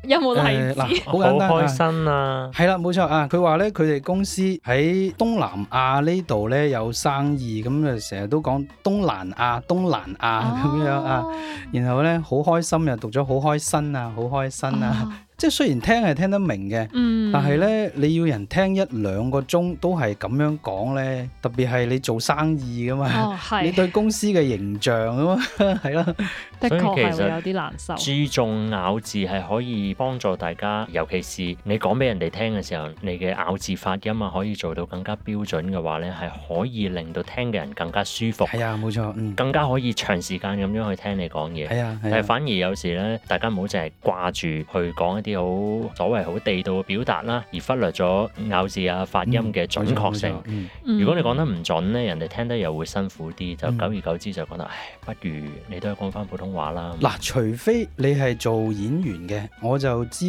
有冇例子？好簡單、欸、開心啊！係啦，冇錯啊！佢話咧，佢哋公司喺東南亞呢度咧有生意，咁啊成日都講東南亞，東南亞咁、啊、樣啊，然後咧好開,開心啊，讀咗好開心啊，好開心啊！即係雖然聽係聽得明嘅，嗯、但係咧你要人聽一兩個鐘都係咁樣講咧，特別係你做生意噶嘛，哦、你對公司嘅形象吖嘛，係 啦的，的確有啲難受。注重咬字係可以幫助大家，尤其是你講俾人哋聽嘅時候，你嘅咬字發音啊可以做到更加標準嘅話咧，係可以令到聽嘅人更加舒服。係啊，冇錯，嗯、更加可以長時間咁樣去聽你講嘢。係啊，係。但係反而有時咧，大家唔好淨係掛住去講一啲，有所謂好地道嘅表達啦，而忽略咗咬字啊、發音嘅準確性。嗯確確嗯、如果你講得唔準呢，人哋聽得又會辛苦啲，就久而久之就覺得，嗯、唉，不如你都係講翻普通話啦。嗱，除非你係做演員嘅，我就知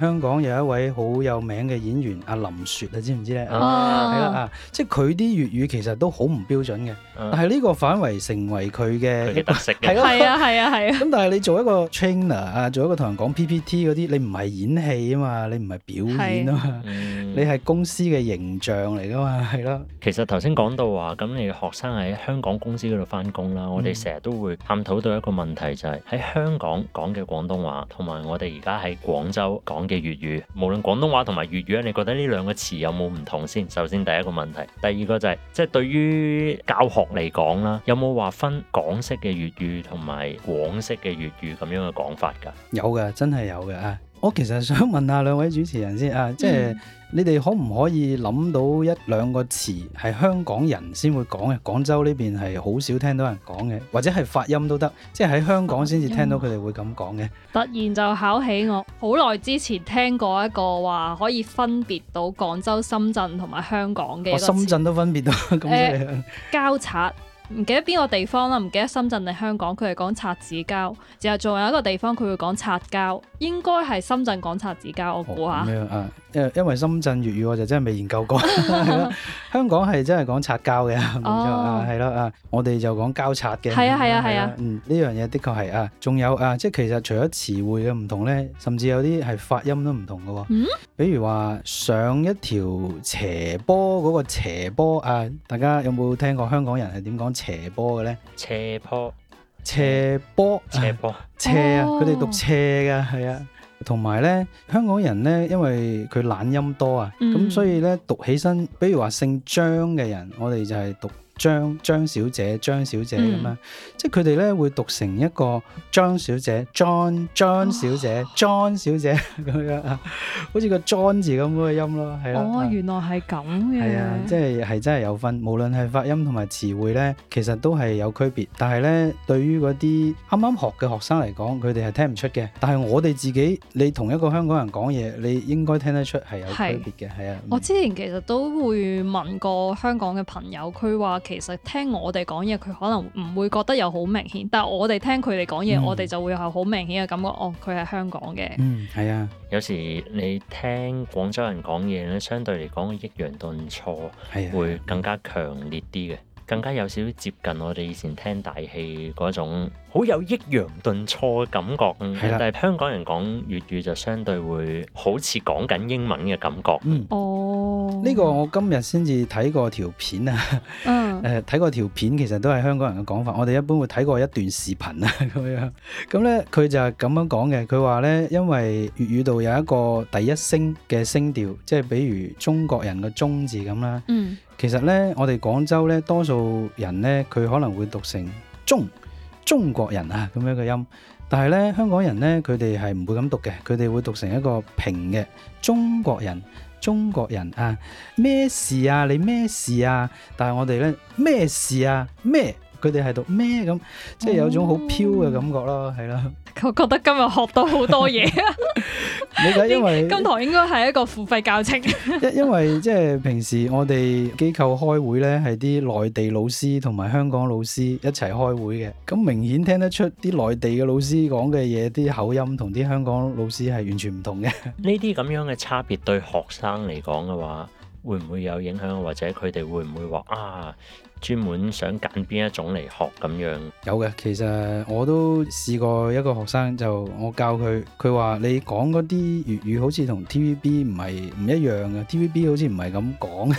香港有一位好有名嘅演員阿林雪，你知唔知呢？係啊，啊即係佢啲粵語其實都好唔標準嘅，但係呢個反為成為佢嘅特色嘅，係啊 的，係啊，係啊。咁但係你做一個 trainer 啊，做一個同人講 PPT 嗰啲，你唔係。演戲啊嘛，你唔係表演啊嘛，嗯、你係公司嘅形象嚟噶嘛，係咯。其實頭先講到話，咁你嘅學生喺香港公司嗰度翻工啦，嗯、我哋成日都會探討到一個問題，就係，就係喺香港講嘅廣東話，同埋我哋而家喺廣州講嘅粵語。無論廣東話同埋粵語啊，你覺得呢兩個詞有冇唔同先？首先第一個問題，第二個就係、係，即、就、係、係、對於教學嚟講啦，有冇話分港式嘅粵語同埋廣式嘅粵語咁樣嘅講法㗎？有嘅，真係有嘅啊！我其實想問下兩位主持人先啊，即係你哋可唔可以諗到一兩個詞係香港人先會講嘅，廣州呢邊係好少聽到人講嘅，或者係發音都得，即係喺香港先至聽到佢哋會咁講嘅。突然就考起我，好耐之前聽過一個話可以分別到廣州、深圳同埋香港嘅。我、哦、深圳都分別到咁犀、呃、交叉。唔記得邊個地方啦，唔記得深圳定香港，佢係講擦紙膠，然後仲有一個地方佢會講擦膠，應該係深圳講擦紙膠，我估下。Oh, 因為深圳粵語我就真係未研究過，香港係真係講擦膠嘅，然之後啊，係咯啊，我哋就講膠擦嘅，係啊係啊係啊，嗯，呢樣嘢的確係啊，仲有啊，即係其實除咗詞彙嘅唔同咧，甚至有啲係發音都唔同㗎喎，嗯，比如話上一條斜坡嗰個斜坡啊，大家有冇聽過香港人係點講斜坡嘅咧？斜坡，斜坡，斜坡，斜啊，佢哋讀斜嘅，係啊。同埋咧，香港人咧，因為佢懶音多啊，咁、嗯、所以咧讀起身，比如話姓張嘅人，我哋就係讀。張張小姐，張小姐咁樣，嗯、即係佢哋咧會讀成一個張小姐，John，John 小姐，John 小姐咁樣啊，好似、哦、 個 John 字咁嗰個音咯，係咯。哦，原來係咁嘅。係啊，即係係真係有分，無論係發音同埋詞彙咧，其實都係有區別。但係咧，對於嗰啲啱啱學嘅學生嚟講，佢哋係聽唔出嘅。但係我哋自己，你同一個香港人講嘢，你應該聽得出係有區別嘅。係是啊。我之前其實都會問過香港嘅朋友，佢話。其實聽我哋講嘢，佢可能唔會覺得有好明顯，但係我哋聽佢哋講嘢，嗯、我哋就會有好明顯嘅感覺。嗯、哦，佢係香港嘅。嗯，係啊，有時你聽廣州人講嘢咧，相對嚟講抑揚頓挫係會更加強烈啲嘅。更加有少少接近我哋以前聽大戲嗰種，好有抑揚頓挫嘅感覺。係啦的，但係香港人講粵語就相對會好似講緊英文嘅感覺。嗯，哦，呢個我今日先至睇過條片啊。嗯。誒 呃，睇過條片其實都係香港人嘅講法。我哋一般會睇過一段視頻啊咁樣。咁咧，佢就係咁樣講嘅。佢話咧，因為粵語度有一個第一聲嘅聲調，即係比如中國人嘅中字咁啦。嗯。其實呢，我哋廣州呢，多數人呢，佢可能會讀成中，中國人啊，咁樣嘅音，但係呢，香港人呢，佢哋係唔會咁讀嘅，佢哋會讀成一個平嘅中國人，中國人啊，咩事啊？你咩事啊？但係我哋呢，咩事啊？咩？佢哋喺度咩咁，即係有種好飄嘅感覺啦，係啦、嗯。的我覺得今日學到好多嘢啊！你覺 因為今堂應該係一個付費教程，因因為即係平時我哋機構開會呢，係啲內地老師同埋香港老師一齊開會嘅。咁明顯聽得出啲內地嘅老師講嘅嘢，啲口音同啲香港老師係完全唔同嘅。呢啲咁樣嘅差別對學生嚟講嘅話，會唔會有影響？或者佢哋會唔會話啊？專門想揀邊一種嚟學咁樣？有嘅，其實我都試過一個學生，就我教佢，佢話你講嗰啲粵語好似同 TVB 唔係唔一樣嘅，TVB 好似唔係咁講，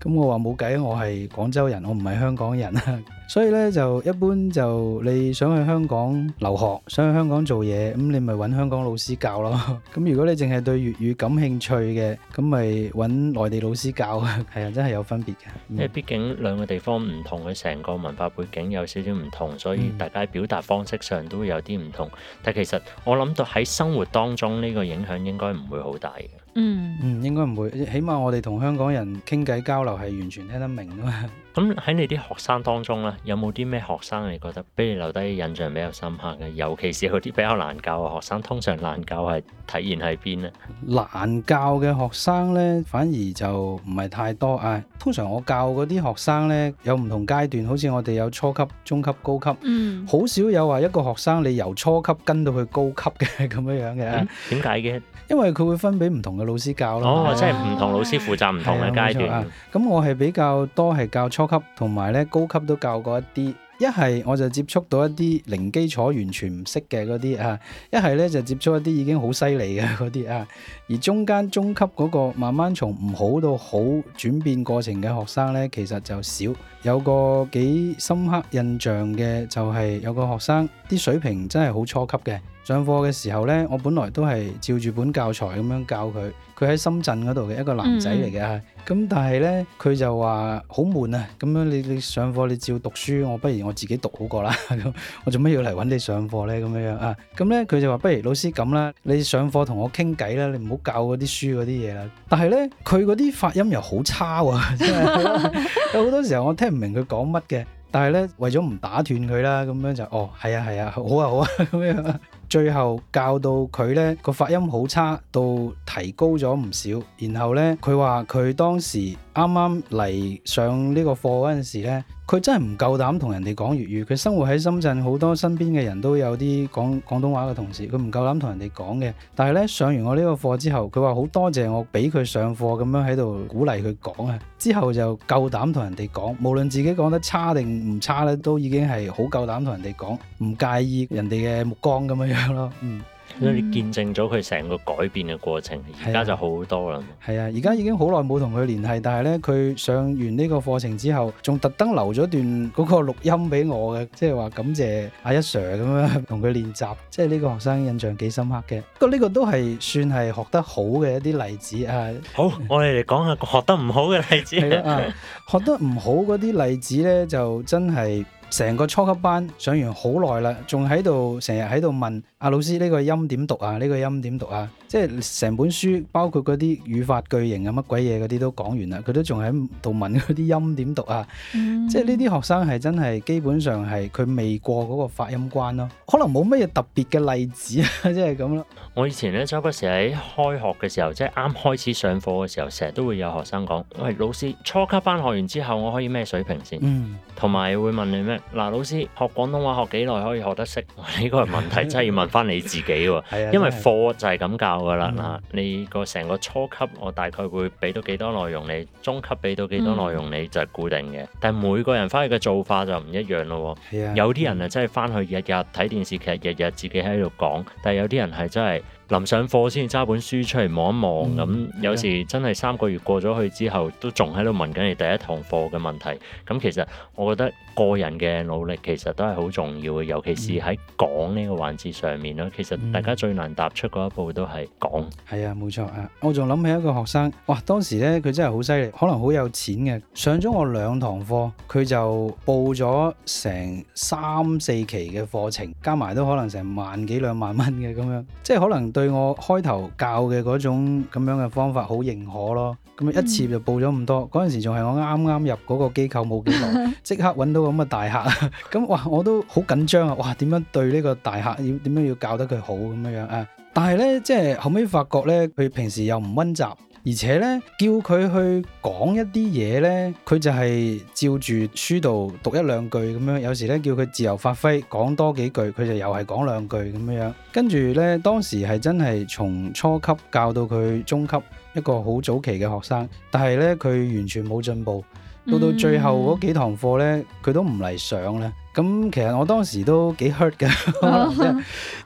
咁我話冇計，我係廣州人，我唔係香港人啊。 所以咧就一般就你想去香港留學，想去香港做嘢，咁你咪揾香港老師教咯。咁 如果你淨係對粵語感興趣嘅，咁咪揾內地老師教。係 啊，真係有分別嘅，因為畢竟兩個地方唔同，佢成個文化背景有少少唔同，所以大家表達方式上都會有啲唔同。嗯、但其實我諗到喺生活當中呢、呢個影響應該唔會好大嘅。嗯嗯，應該唔會，起碼我哋同香港人傾偈交流係完全聽得明㗎嘛。咁喺你啲學生當中咧，有冇啲咩學生你覺得俾你留低印象比較深刻嘅？尤其是嗰啲比較難教嘅學生，通常難教係體現喺邊咧？難教嘅學生咧，反而就唔係太多啊、哎。通常我教嗰啲學生咧，有唔同階段，好似我哋有初級、中級、高級，嗯，好少有話一個學生你由初級跟到去高級嘅咁 樣樣嘅。點解嘅？ 因為佢會分俾唔同嘅老師教咯，哦、吧即係唔同老師負責唔同嘅階段。咁、啊、我係比較多係教初級，同埋咧高級都教過一啲。一係我就接觸到一啲零基礎完全唔識嘅嗰啲啊，一係咧就接觸一啲已經好犀利嘅嗰啲啊。而中間中級嗰個慢慢從唔好到好轉變過程嘅學生咧，其實就少。有個幾深刻印象嘅就係有個學生啲水平真係好初級嘅。上課嘅時候咧，我本來都係照住本教材咁樣教佢。佢喺深圳嗰度嘅一個男仔嚟嘅，咁、嗯、但係咧佢就話好悶啊！咁樣你你上課你照讀書，我不如我自己讀好過啦。 我做咩要嚟搵你上課咧？咁樣啊？咁咧佢就話：不如老師咁啦，你上課同我傾偈啦，你唔好教嗰啲書嗰啲嘢啦。但係咧，佢嗰啲發音又好差喎、啊，真係有好多時候我聽唔明佢講乜嘅。但係咧，為咗唔打斷佢啦，咁樣就哦，係啊係啊，好啊好啊咁樣。最後教到佢呢個發音好差，到提高咗唔少。然後呢，佢話佢當時啱啱嚟上這個課時呢個課嗰陣時呢。佢真係唔夠膽同人哋講粵語。佢生活喺深圳，好多身邊嘅人都有啲講廣東話嘅同事。佢唔夠膽同人哋講嘅。但係呢，上完我呢個課之後，佢話好多謝我俾佢上課咁樣喺度鼓勵佢講啊。之後就夠膽同人哋講，無論自己講得差定唔差呢，都已經係好夠膽同人哋講，唔介意人哋嘅目光咁樣樣咯。嗯。因為你見證咗佢成個改變嘅過程，而家就好多啦。係啊，而家已經好耐冇同佢聯繫，但係呢，佢上完呢個課程之後，仲特登留咗段嗰個錄音俾我嘅，即係話感謝阿一 Sir 咁樣同佢練習，即係呢個學生印象幾深刻嘅。不過呢個都係算係學得好嘅一啲例子啊。好，我哋嚟講下學得唔好嘅例子。係， 啊，學得唔好嗰啲例子呢，就真係。成個初級班上完好耐啦，仲喺度成日喺度問阿老師呢個音點讀啊，呢個音點讀啊，即係成本書包括嗰啲語法句型啊，乜鬼嘢嗰啲都講完啦，佢都仲喺度問嗰啲音點讀啊，嗯、即係呢啲學生係真係基本上係佢未過嗰個發音關咯，可能冇乜嘢特別嘅例子啊，即係咁咯。我以前咧，周不時喺開學嘅時候，即係啱開始上課嘅時候，成日都會有學生講：喂，老師，初級班學完之後我可以咩水平先？嗯，同埋會問你咩？嗱，老師學廣東話學幾耐可以學得識？呢、呢個係問題，真係要問翻你自己喎。 的因為課就係咁教噶啦。嗱、嗯，你個成個初級，我大概會俾到幾多內容你；中級俾到幾多內容你就係、係、固定嘅。但係每個人翻去嘅做法就唔一樣咯。係、嗯、有啲人啊，真係翻去日日睇電視劇，日日自己喺度講。但係有啲人係真係臨上課先揸本書出嚟望一望咁。嗯、有時真係三個月過咗去之後，都仲喺度問緊你第一堂課嘅問題。咁其實我覺得，個人嘅努力其實都係好重要嘅，尤其是喺講呢個環節上面咧。其實大家最難踏出嗰一步都係講。係、嗯、啊，冇錯啊！我仲諗起一個學生，哇！當時咧佢真係好犀利，可能好有錢嘅，上咗我兩堂課，佢就報咗成三四期嘅課程，加埋都可能成萬幾兩萬蚊嘅咁樣。即係可能對我開頭教嘅嗰種咁樣嘅方法好認可咯。咁一次就報咗咁多，嗰陣、嗯、時仲係我啱啱入嗰個機構冇幾耐，即刻揾到咁嘅大客，咁哇我都好緊張啊！哇，點樣對呢個大客要點樣要教得佢好咁樣樣啊？但係咧，即係後尾發覺咧，佢平時又唔溫習，而且咧叫佢去講一啲嘢咧，佢就係照住書度讀一兩句咁樣。有時咧叫佢自由發揮，講多幾句，佢就又係講兩句咁樣樣。跟住咧，當時係真係從初級教到佢中級，一個好早期嘅學生，但係咧佢完全冇進步。到到最後嗰幾堂課咧，佢都唔嚟上咧。咁其實我當時都幾 hurt 㗎，即係、oh. 就是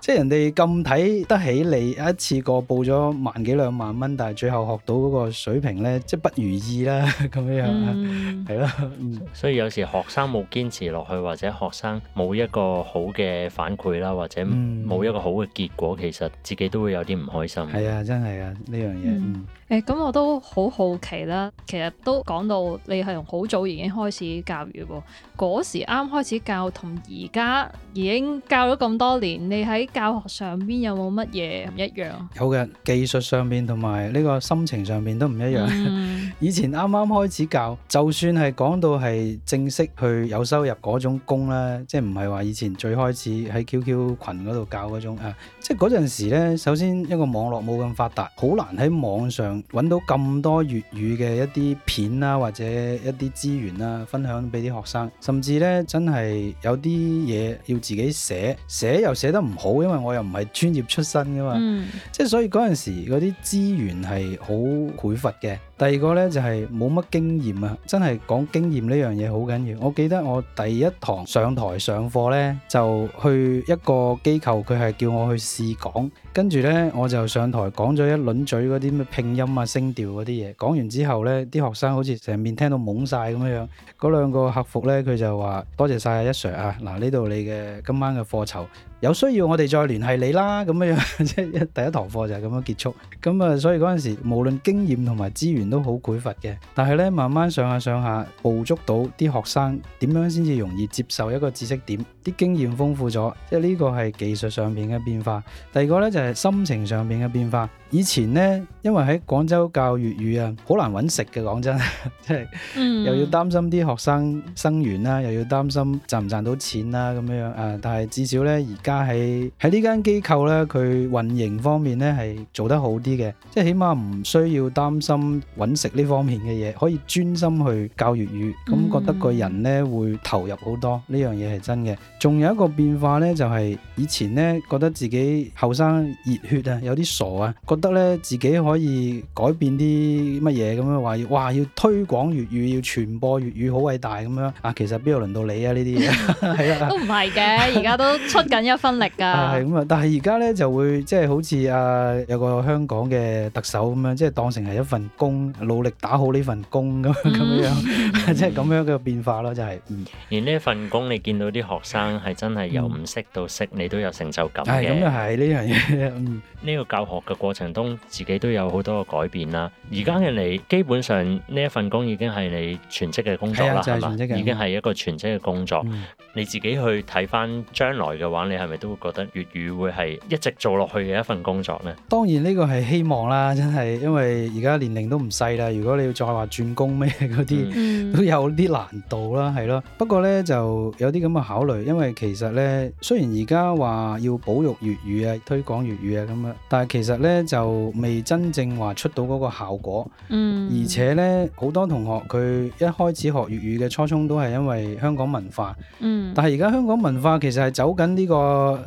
就是、人哋咁睇得起你，一次過報咗萬幾兩萬蚊，但係最後學到個水平咧，即、就、係、是、不如意啦咁樣樣，係咯、mm. 吧。所以有時學生冇堅持落去，或者學生冇一個好嘅反饋啦，或者冇一個好嘅結果，其實自己都會有啲唔開心。係、嗯、啊，真係啊，呢樣嘢。誒、mm. 嗯，咁、欸、我都好好奇啦。其實都講到你係好早已經開始教育喎，嗰時啱開始教。教同而家已經教咗咁多年，你喺教學上面有冇乜嘢唔一樣？有嘅，技術上面同埋呢個心情上面都唔一樣。嗯。以前啱啱開始教，就算係講到係正式去有收入嗰種工咧，即係唔係話以前最開始喺 QQ 群嗰度教嗰種啊？即係嗰陣時呢，首先一個網絡冇咁發達，好難喺網上揾到咁多粵語嘅一啲片呀，或者一啲資源呀，分享俾啲學生，甚至呢真係。有啲嘢要自己寫，寫又寫得唔好，因為我又唔係專業出身噶嘛，嗯、即係所以嗰陣時嗰啲資源係好匱乏嘅。第二個咧就係冇乜經驗啊，真係講經驗呢樣嘢好緊要。我記得我第一堂上台上課咧，就去一個機構，佢係叫我去試講，跟住咧我就上台講咗一輪嘴嗰啲咩拼音啊、聲調嗰啲嘢。講完之後咧，啲學生好似成面聽到懵晒咁樣，樣。嗰兩個客服咧，佢就話多謝晒。Sir 啊，嗱，呢度你嘅今晚嘅課酬。有需要我哋再聯繫你啦，咁樣樣，即係第一堂課就係咁樣結束。咁啊，所以嗰陣時無論經驗同埋資源都好匱乏嘅。但係咧，慢慢上下上下捕捉到啲學生點樣先至容易接受一個知識點啲經驗豐富咗，即係呢個係技術上邊嘅變化。第二個咧就係心情上邊嘅變化。以前咧，因為喺廣州教粵語啊，好難揾食嘅，講真，即 係又要擔心啲學生生源啦，又要擔心賺唔賺到錢啦，咁樣樣啊。但係至少咧而家。但係喺呢間機構咧，佢運營方面咧係做得好啲嘅，即係起碼唔需要擔心揾食呢方面嘅嘢，可以專心去教粵語。咁覺得個人咧會投入好多，呢樣嘢係真嘅。仲有一個變化咧，就係以前咧覺得自己後生熱血啊，有啲傻啊，覺得咧自己可以改變啲乜嘢咁樣話，哇要推廣粵語，要傳播粵語好偉大咁樣啊！其實邊度輪到你啊？呢啲都唔係嘅，而家都出緊一分力㗎，係咁啊！啊但係而家咧就會即係、就係、好似啊有個香港嘅特首咁樣，即係當成係一份工，努力打好呢份工咁咁 樣，嗯、即係咁樣嘅變化咯，就係。嗯、而呢一份工，你見到啲學生係真係由唔識到識，嗯、你都有成就感嘅。係咁啊，係呢樣嘢，呢、嗯、個教學嘅過程中，自己都有好多嘅改變啦。而家嘅你，基本上呢一份工已經係你全職嘅工作啦，就係、吧已經係一個全職嘅工作，嗯、你自己去睇翻將來嘅話，你。係咪都會覺得粵語會係一直做落去嘅一份工作呢？當然呢個係希望啦，真係，因為而家年齡都唔細啦。如果你要再話轉工咩嗰啲，嗯、都有啲難度啦，係咯。不過呢，就有啲咁嘅考慮，因為其實呢，雖然而家話要保育粵語啊、推廣粵語啊咁樣，但係其實呢，就未真正話出到嗰個效果。嗯，而且呢，好多同學佢一開始學粵語嘅初衷都係因為香港文化。嗯，但係而家香港文化其實係走緊呢、呢個。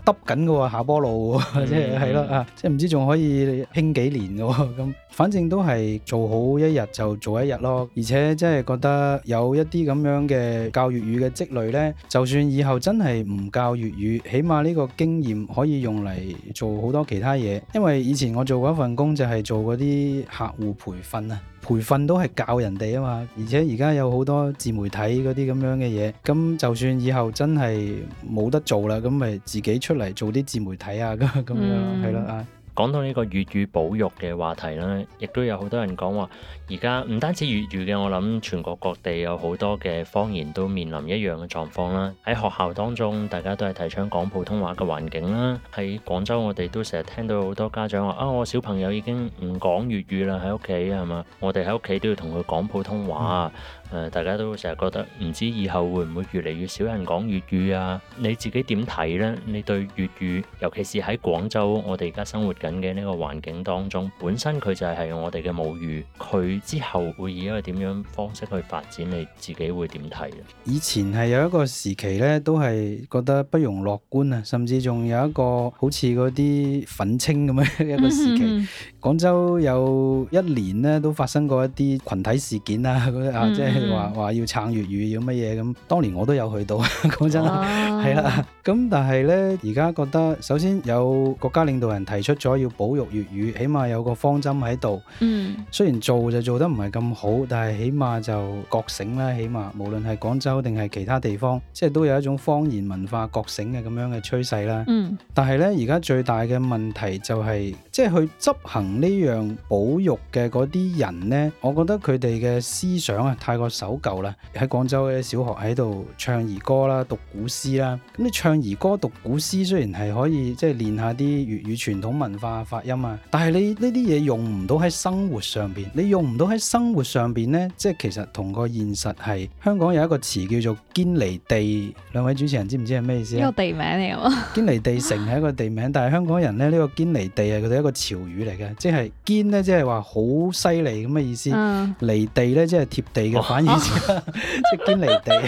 耷緊嘅喎，下坡路，即係係咯啊！即係唔知仲可以興幾年嘅喎，咁反正都係做好一日就做一日咯。而且即係覺得有一啲咁樣嘅教粵語嘅積累咧，就算以後真係唔教粵語，起碼呢個經驗可以用嚟做好多其他嘢。因為以前我做過一份工，就係做嗰啲客戶培訓啊。培訓都係教人哋啊嘛，而且而家有好多自媒體嗰啲咁樣嘅嘢，咁就算以後真係冇得做啦，咁咪自己出嚟做啲自媒體啊咁 樣，mm hmm. 係啦啊。講到呢個粵語保育嘅話題啦，亦都有好多人講話，而家唔單止粵語嘅，我諗全國各地有好多嘅方言都面臨一樣嘅狀況啦。喺學校當中，大家都係提倡講普通話嘅環境啦。喺廣州，我哋都成日聽到好多家長話啊，我小朋友已經唔講粵語啦，喺屋企係嘛，我哋喺屋企都要同佢講普通話啊。嗯。大家都成日覺得唔知以後會唔會越嚟越少人講粵語啊？你自己點睇呢？你對粵語，尤其是喺廣州我哋而家生活緊嘅呢個環境當中，本身佢就係用我哋嘅母語，佢之後會以一個點樣方式去發展，你自己會點睇？以前係有一個時期呢，都係覺得不容樂觀啊，甚至仲有一個好似嗰啲憤青咁樣一個時期。嗯、哼廣州有一年呢，都發生過一啲群體事件啊，啲啊、嗯，即係。譬如話話要撐粵語要乜嘢咁？當年我都有去到，講 真啦的，係啦、啊。咁但係呢，而家覺得首先有國家領導人提出咗要保育粵語，起碼有個方針喺度。嗯。雖然做就做得唔係咁好，但係起碼就覺醒啦。起碼無論係廣州定係其他地方，即係都有一種方言文化覺醒嘅咁樣嘅趨勢啦。嗯、但係呢，而家最大嘅問題就係、是，即、就、係、是、去執行呢樣保育嘅嗰啲人呢，我覺得佢哋嘅思想啊太過。守舊啦，喺廣州嘅小學喺度唱兒歌啦、讀古詩啦。咁你唱兒歌、讀古詩雖然係可以即係、就是、練下啲粵語傳統文化嘅發音啊，但係你呢啲嘢用唔到喺生活上邊，你用唔到喺生活上邊呢，即係其實同個現實係香港有一個詞叫做堅離地。兩位主持人知唔知係咩意思啊？呢個地名嚟嘅喎。 堅尼地城係一個地名，但係香港人咧呢、呢個堅離地係佢哋一個潮語嚟嘅，即係堅呢，即係話好犀利咁嘅意思，離、嗯、地呢，即係貼地嘅。 即係堅離地 ，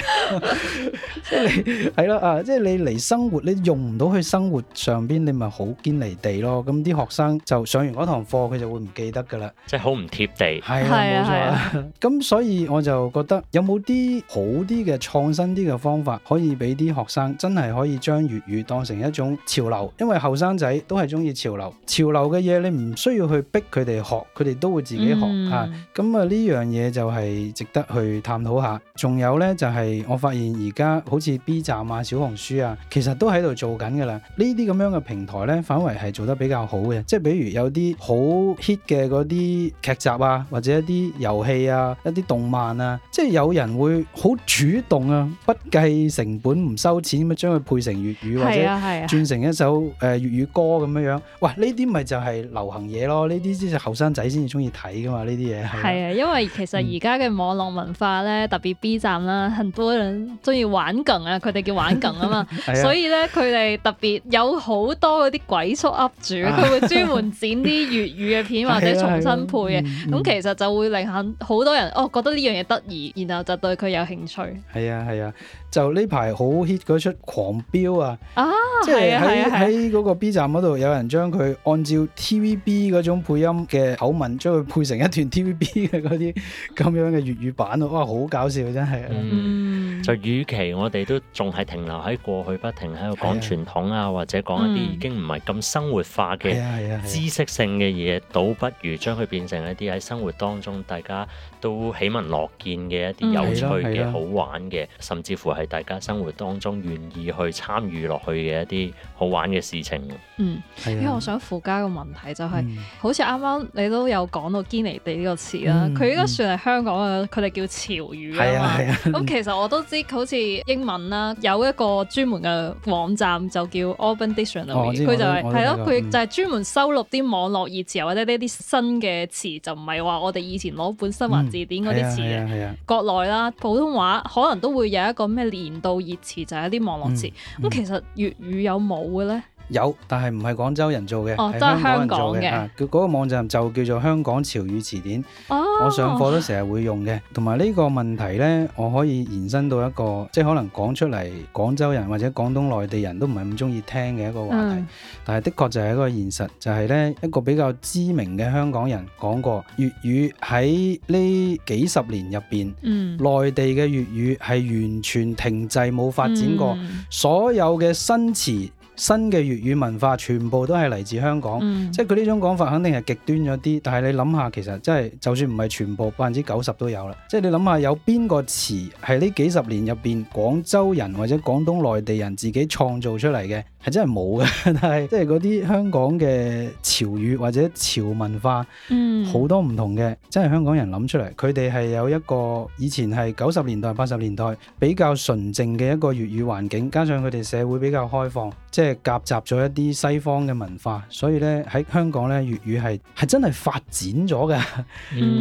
即係、就是、你係咯啊，即係你嚟生活，你用唔到佢生活上邊，你咪好堅離地咯。咁啲學生就上完嗰堂課，佢就會唔記得噶啦，即係好唔貼地，係啊，冇錯。咁、啊啊、 所以我就覺得有冇啲好啲嘅創新啲嘅方法，可以俾啲學生真係可以將粵語當成一種潮流，因為後生仔都係中意潮流，潮流嘅嘢，你唔需要去逼佢哋學，佢哋都會自己學、嗯、啊。咁啊呢樣嘢就係值得去。去探討下，仲有咧就係、是、我發現而家好似 B 站啊、小紅書啊，其實都喺度做緊噶啦。呢啲咁樣嘅平台咧，反為係做得比較好嘅，即係比如有啲好 hit 嘅嗰啲劇集啊，或者一啲遊戲啊、一啲動漫啊，即係有人會好主動啊，不計成本唔收錢咁樣將佢配成粵語，啊啊、或者轉成一首誒粵、呃、語歌咁樣樣。哇，呢啲咪就係流行嘢咯，呢啲先係後生仔先至中意睇噶嘛，呢啲嘢係啊，因為其實而家嘅網絡文、嗯，化咧，特別 B 站啦，很多人中意玩梗 啊，佢哋叫玩梗啊嘛，所以咧，佢哋特別有好多嗰啲鬼畜 up 主，佢 會專門剪啲粵語嘅片或者重新配嘅，咁、啊啊、其實就會令肯好多人、嗯嗯、哦覺得呢樣嘢得意，然後就對佢有興趣。係啊係啊。就呢排好 hit 嗰出《狂飆》啊，啊即係喺喺個 B 站嗰度，有人將佢按照 TVB 嗰種配音嘅口吻，將佢配成一段 TVB 嘅嗰啲咁樣嘅粵語版，哇，好搞笑真係！嗯，就與其我哋都仲係停留喺過去，不停喺度講傳統啊，啊或者講一啲已經唔係咁生活化嘅知識性嘅嘢，倒不如將佢變成一啲喺生活當中大家都喜聞樂見嘅一啲有趣嘅、啊啊啊、好玩嘅，甚至乎係。係大家生活當中願意去參與落去嘅一啲好玩嘅事情。嗯，因為我想附加個問題就係，好似啱啱你都有講到堅尼地呢個詞啦，佢應該算係香港嘅，佢哋叫潮語，係啊。咁其實我都知，好似英文啦，有一個專門嘅網站就叫 Urban Dictionary，佢就係係咯，佢就係專門收錄啲網絡熱詞，或者呢啲新嘅詞，就唔係話我哋以前攞本《新華字典》嗰啲詞嘅。係啊，國內啦，普通話可能都會有一個咩？年度熱詞就係，是，一啲網絡詞。咁，嗯嗯、其實粵語有冇嘅咧？有，但係唔係廣州人做嘅，係、哦、香港人做嘅。嚇，佢嗰、那個網站就叫做香港潮語詞典。哦、我上課都成日會用嘅。同埋呢個問題呢，我可以延伸到一個，即、就、係、是、可能講出嚟廣州人或者廣東內地人都唔係咁中意聽嘅一個話題。嗯、但係的確就係一個現實，就係、是、呢一個比較知名嘅香港人講過，粵語喺呢幾十年入邊，嗯、內地嘅粵語係完全停滯冇發展過，嗯、所有嘅新詞。新嘅粵語文化全部都係嚟自香港，嗯、即係佢呢種講法肯定係極端咗啲。但係你諗下，其實真係就算唔係全部百分之九十都有啦。即係你諗下，有邊個詞係呢幾十年入面廣州人或者廣東內地人自己創造出嚟嘅係真係冇嘅。但係即係嗰啲香港嘅潮語或者潮文化，好、嗯、多唔同嘅，真係香港人諗出嚟。佢哋係有一個以前係九十年代八十年代比較純淨嘅一個粵語環境，加上佢哋社會比較開放，即係。夾雜咗一啲西方嘅文化，所以咧喺香港咧粵語係係真係發展咗㗎，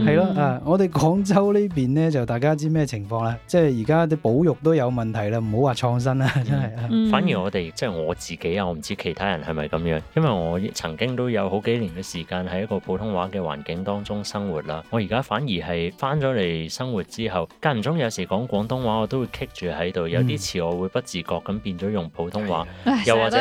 係咯啊！我哋廣州呢邊咧就大家知咩情況啦？即係而家啲保育都有問題啦，唔好話創新啦，真係。嗯、反而我哋即係我自己啊，我唔知其他人係咪咁樣，因為我曾經都有好幾年嘅時間喺一個普通話嘅環境當中生活啦。我而家反而係翻咗嚟生活之後，間唔中有時講廣東話，我都會棘住喺度，有啲詞我會不自覺咁變咗用普通話，的唉又或者，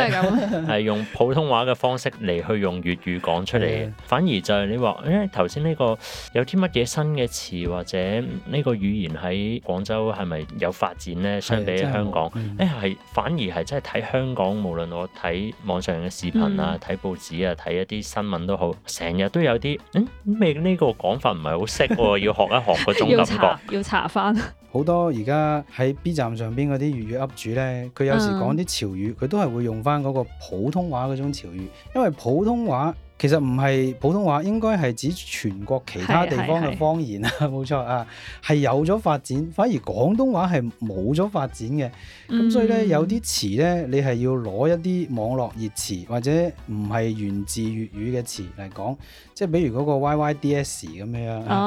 係 用普通話嘅方式嚟去用粵語講出嚟， 的反而就係你話：誒頭先呢個有啲乜嘢新嘅詞，或者呢個語言喺廣州係咪有發展呢？相比香港，誒係、嗯哎、反而係真係睇香港。無論我睇網上嘅視頻啊，睇、嗯、報紙啊，睇一啲新聞都好，成日都有啲誒咩呢個講法唔係好識， 要學一學嗰種感覺。 要查翻好 多，而家喺 B 站上邊嗰啲粵語 Up 主呢，佢有時講啲潮語，佢都係會用、 嗯。用翻嗰個普通話嗰種潮語，因為普通話。其實唔係普通話，應該係指全國其他地方嘅方言啊，冇是 錯啊，係有咗發展，反而廣東話係冇咗發展嘅。咁所以咧，嗯、有啲詞咧，你係要攞一啲網絡熱詞或者唔係源自粵語嘅詞嚟講，即係比如嗰個 Y Y D S 咁樣，呢、啊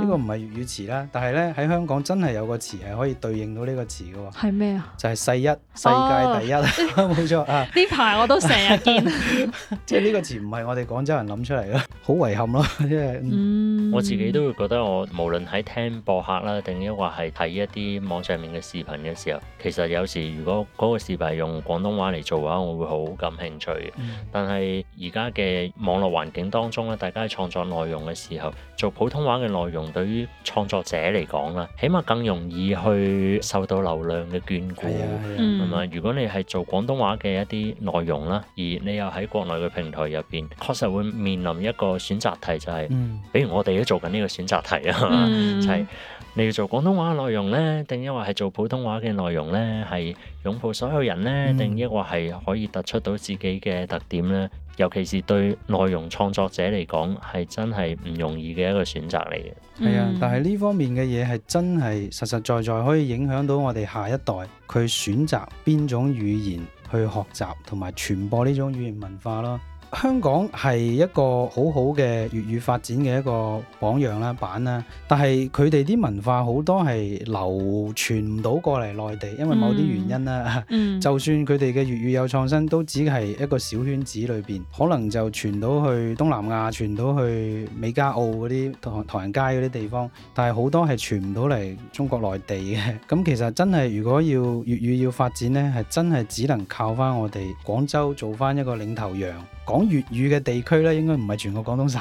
啊、個唔係粵語詞啦。但係咧，喺香港真係有個詞係可以對應到呢個詞嘅，係咩啊？就係世一世界第一，冇、哦、 錯啊！呢排我都成日見， 即係呢個詞唔係我哋講，廣州人諗出嚟啦，好遺憾咯，即係我自己都會覺得我，我無論喺聽播客啦，定抑或係睇一啲網上面嘅視頻嘅時候，其實有時如果嗰個視頻用廣東話嚟做嘅話，我會好感興趣嘅。但係而家嘅網絡環境當中咧，大家喺創作內容嘅時候，做普通話嘅內容，對於創作者嚟講啦，起碼更容易去受到流量嘅眷顧。係啊，啊嗯，如果你係做廣東話嘅一啲內容啦，而你又喺國內嘅平台入邊。確實，會面臨一個選擇題，就係、是，嗯、比如我哋都做緊呢個選擇題啊， 就係、是、你要做廣東話嘅內容呢，定抑或係做普通話嘅內容呢，係擁抱所有人呢，定抑或係可以突出到自己嘅特點呢。尤其是對內容創作者嚟講，係真係唔容易嘅一個選擇嚟嘅。係、嗯、啊，但係呢方面嘅嘢係真係實實在在可以影響到我哋下一代，佢選擇邊種語言去學習同埋傳播呢種語言文化咯。香港係一個好好嘅粵語發展嘅一個榜樣啦、版啦，但係佢哋啲文化好多係流傳唔到過嚟內地，因為某啲原因啦。嗯、 就算佢哋嘅粵語有創新，都只係一個小圈子裏邊，可能就傳到去東南亞、傳到去美加澳嗰啲唐人街嗰啲地方，但係好多係傳唔到嚟中國內地嘅。咁其實真係，如果要粵語要發展呢，係真係只能靠翻我哋廣州做翻一個領頭羊。講粵語嘅地區咧，應該唔係全個廣東省，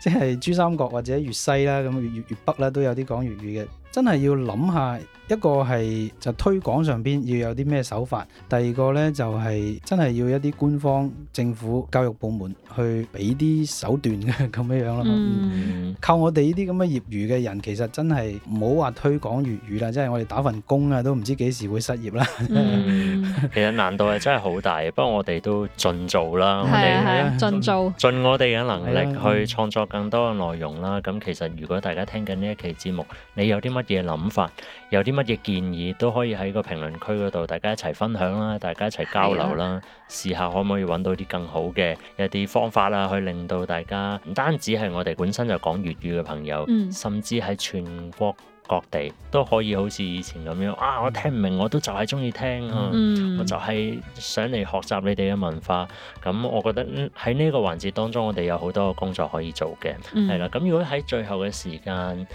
即係 珠三角或者粵西啦，咁粵粵粵北啦，都有啲講粵語嘅，真係要諗下。一個係就推廣上邊要有啲咩手法，第二個呢就係真係要一啲官方政府教育部門去俾啲手段嘅咁樣樣咯。嗯嗯、靠我哋呢啲咁嘅業餘嘅人，其實真係唔好話推廣粵語啦，即、就、係、是、我哋打份工啊都唔知幾時會失業啦。嗯、 其實難度係真係好大，不過我哋都盡做啦。係係盡我哋嘅能力去創作更多嘅內容啦。咁其實如果大家聽緊呢一期節目，你有啲乜嘢諗法？有啲乜嘢建議都可以喺個評論區嗰度，大家一齊分享啦，大家一齊交流啦，試下可唔可以揾到啲更好嘅一啲方法啦，去令到大家唔單止係我哋本身就講粵語嘅朋友，嗯、甚至係全國各地都可以好似以前咁樣，啊，我聽唔明我都就係中意聽啊，嗯、我就係想嚟學習你哋嘅文化。咁我覺得喺呢個環節當中，我哋有好多個工作可以做嘅，係啦、嗯。咁如果喺最後嘅時間，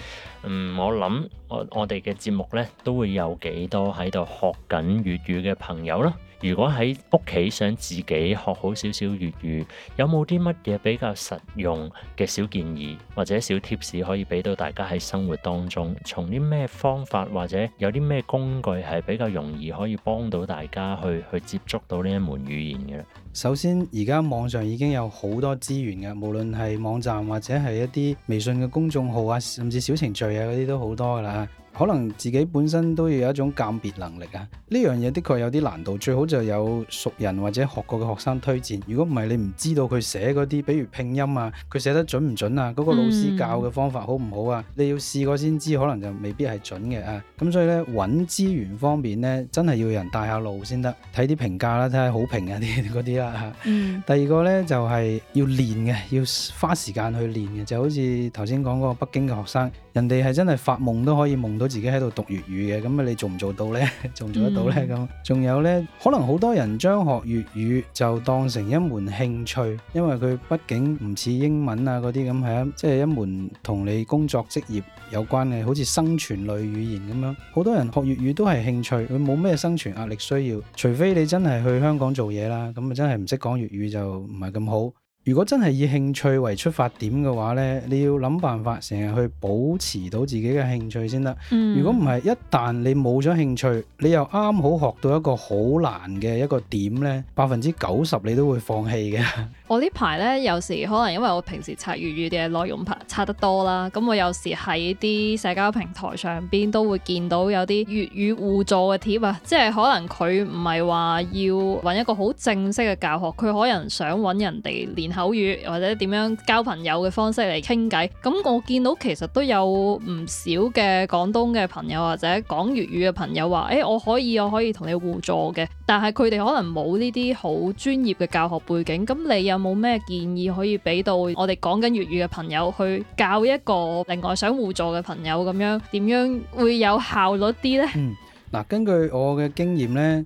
嗯，我諗我我哋嘅節目咧，都會有幾多喺度學緊粵語嘅朋友啦。如果喺屋企想自己學好少少粵語，有冇啲乜嘢比較實用嘅小建議或者小貼士可以畀到大家喺生活當中，從啲咩方法或者有啲咩工具係比較容易可以幫到大家去去接觸到呢一門語言嘅？首先，而家網上已經有好多資源嘅，無論係網站或者係一啲微信嘅公眾號啊，甚至小程序啊嗰啲都好多㗎喇。可能自己本身都要有一種鑒別能力啊！呢樣嘢的確有啲難度，最好就有熟人或者學過嘅學生推薦。如果唔係，你唔知道佢寫嗰啲，比如拼音啊，佢寫得準唔準啊？嗰個老師教嘅方法好唔好啊？嗯，你要試過先知，可能就未必係準嘅啊！咁所以咧，揾資源方面咧，真係要人帶下路先得，睇啲評價啦，睇下好評啊啲嗰啲啦嚇。嗯，第二個咧就係要練嘅，要花時間去練嘅，就好似頭先講嗰個北京嘅學生。人哋係真係發夢都可以夢到自己喺度讀粵語嘅，咁啊你做唔做到咧？ 做唔做得到咧？咁仲、嗯、有咧，可能好多人將學粵語就當成一門興趣，因為佢畢竟唔似英文啊嗰啲咁，係啊，即係一門同你工作職業有關嘅，好似生存類語言咁樣。好多人學粵語都係興趣，佢冇咩生存壓力需要，除非你真係去香港做嘢啦，咁啊真係唔識講粵語就唔係咁好。如果真係以興趣為出發點嘅話咧，你要諗辦法成日去保持到自己嘅興趣先得。嗯、如果唔係，一旦你冇咗興趣，你又啱好學到一個好難嘅一個點咧，百分之九十你都會放棄嘅。我呢排咧，有時可能因為我平時刷粵語嘅內容拍刷得多啦，咁我有時喺啲社交平台上邊都會見到有啲粵語互助嘅貼啊，即係可能佢唔係話要揾一個好正式嘅教學，佢可能想揾人哋練口語或者點樣交朋友嘅方式嚟傾偈。咁我見到其實都有唔少嘅廣東嘅朋友或者講粵語嘅朋友話誒、欸、我可以，我可以同你互助嘅，但係佢哋可能冇呢啲好專業嘅教學背景，咁你有。冇咩建議可以俾到我哋，講緊粵語嘅朋友去教一個另外想互助嘅朋友，咁樣點樣會有效率啲呢？嗯，嗱，根據我嘅經驗呢。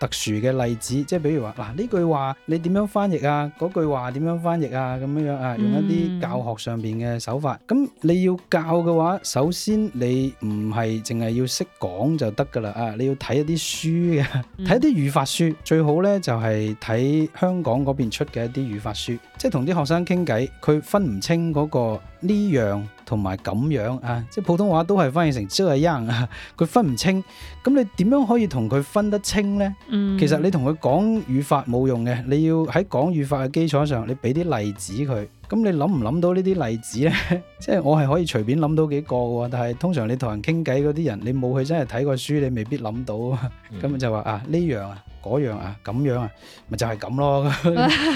特殊嘅例子，即係比如話，嗱、啊、呢句話你點樣翻譯啊？嗰句話點樣翻譯啊？咁樣樣啊，用一啲教學上邊嘅手法。咁、嗯、你要教嘅話，首先你唔係淨係要識講就得㗎啦啊！你要睇一啲書嘅，睇、啊、一啲語法書，嗯、最好咧就係、是、睇香港嗰邊出嘅一啲語法書。即係同啲學生傾偈，佢分唔清嗰個呢樣同埋咁樣啊，即係普通話都係翻譯成即係一樣，佢分唔清。咁你點樣可以同佢分得清呢？嗯、其實你同佢講語法冇用嘅，你要喺講語法嘅基礎上，你俾啲例子佢。咁你諗唔諗到呢啲例子呢？即 係我係可以隨便諗到幾個嘅，但係通常你同人傾偈嗰啲人，你冇去真係睇過書，你未必諗到。咁、嗯、就話啊呢樣啊嗰樣啊咁樣啊，咪、啊啊、就係、是、咁咯。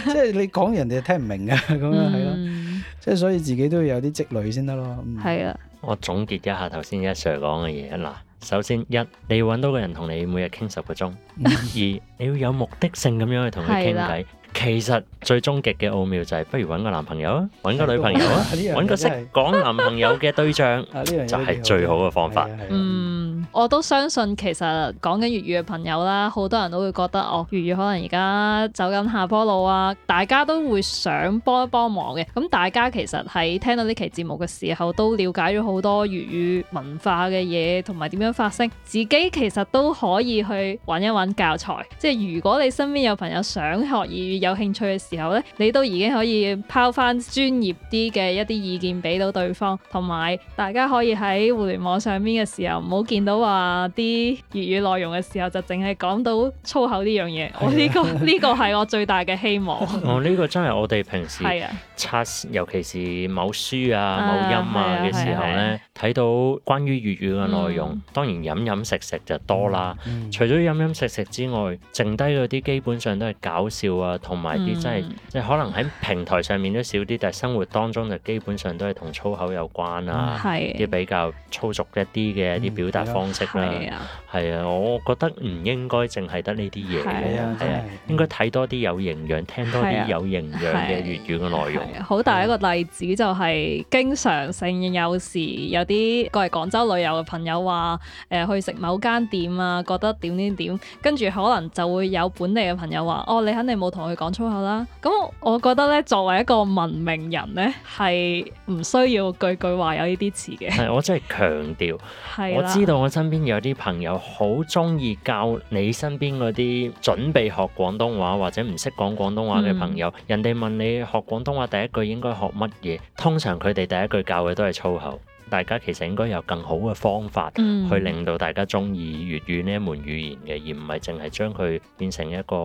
即係你講人哋聽唔明嘅，咁樣係咯。即係 所以自己都要有啲積累先得咯。係啊的。我總結一下頭先一 Sir 講嘅嘢啦。首先，一你要揾到個人同你每日傾十個鐘； 二你要有目的性咁樣去同佢傾偈。 其實最終極嘅奧妙就係，不如揾個男朋友啊，揾個女朋友啊，揾、啊啊啊、個識講男朋友嘅對象，啊啊啊啊、就係最好嘅方法。嗯，我都相信其實講緊粵語嘅朋友啦，好多人都會覺得哦，粵語可能而家走緊下坡路啊，大家都會想幫一幫忙嘅。咁大家其實喺聽到呢期節目嘅時候，都了解咗好多粵語文化嘅嘢，同埋點樣發聲，自己其實都可以去揾一揾教材。即係如果你身邊有朋友想學粵語，有興趣嘅時候咧，你都已經可以拋翻專業啲嘅一啲意見俾到對方，同埋大家可以喺互聯網上面嘅時候，唔好見到話啲粵語內容嘅時候，就淨係講到粗口呢樣嘢。我呢、啊哦呢個呢個係我最大嘅希望。 哦，呢、呢個真係我哋平時測，啊、尤其是某書啊、某音啊嘅時候咧，睇到關於粵語嘅內容，嗯、當然飲飲食食，食就多啦。嗯、除咗飲飲食食之外，剩低嗰啲基本上都係搞笑啊同。同埋啲真係，即係可能喺平台上面都少啲，但係生活當中就基本上都係同粗口有關啊，係，即係比較粗俗一啲嘅一啲表達方式啦。係啊，我覺得唔應該淨係得呢啲嘢嘅，應該睇多啲有營養，聽多啲有營養嘅粵語嘅內容。好大一個例子就係經常性，有時有啲過嚟廣州旅遊嘅朋友話誒，去食某間店啊，覺得點點點，跟住可能就會有本地嘅朋友話哦，你肯定冇同佢講粗口啦，咁我，我覺得咧，作為一個文明人咧，係唔需要句句話有呢啲詞嘅。係，我真係強調， 的我知道我身邊有啲朋友好中意教你身邊嗰啲準備學廣東話或者唔識講廣東話嘅朋友，嗯、人哋問你學廣東話第一句應該學乜嘢，通常佢哋第一句教嘅都係粗口。大家其實應該有更好嘅方法，去令到大家中意粵語呢一門語言嘅，而唔係淨係將佢變成一個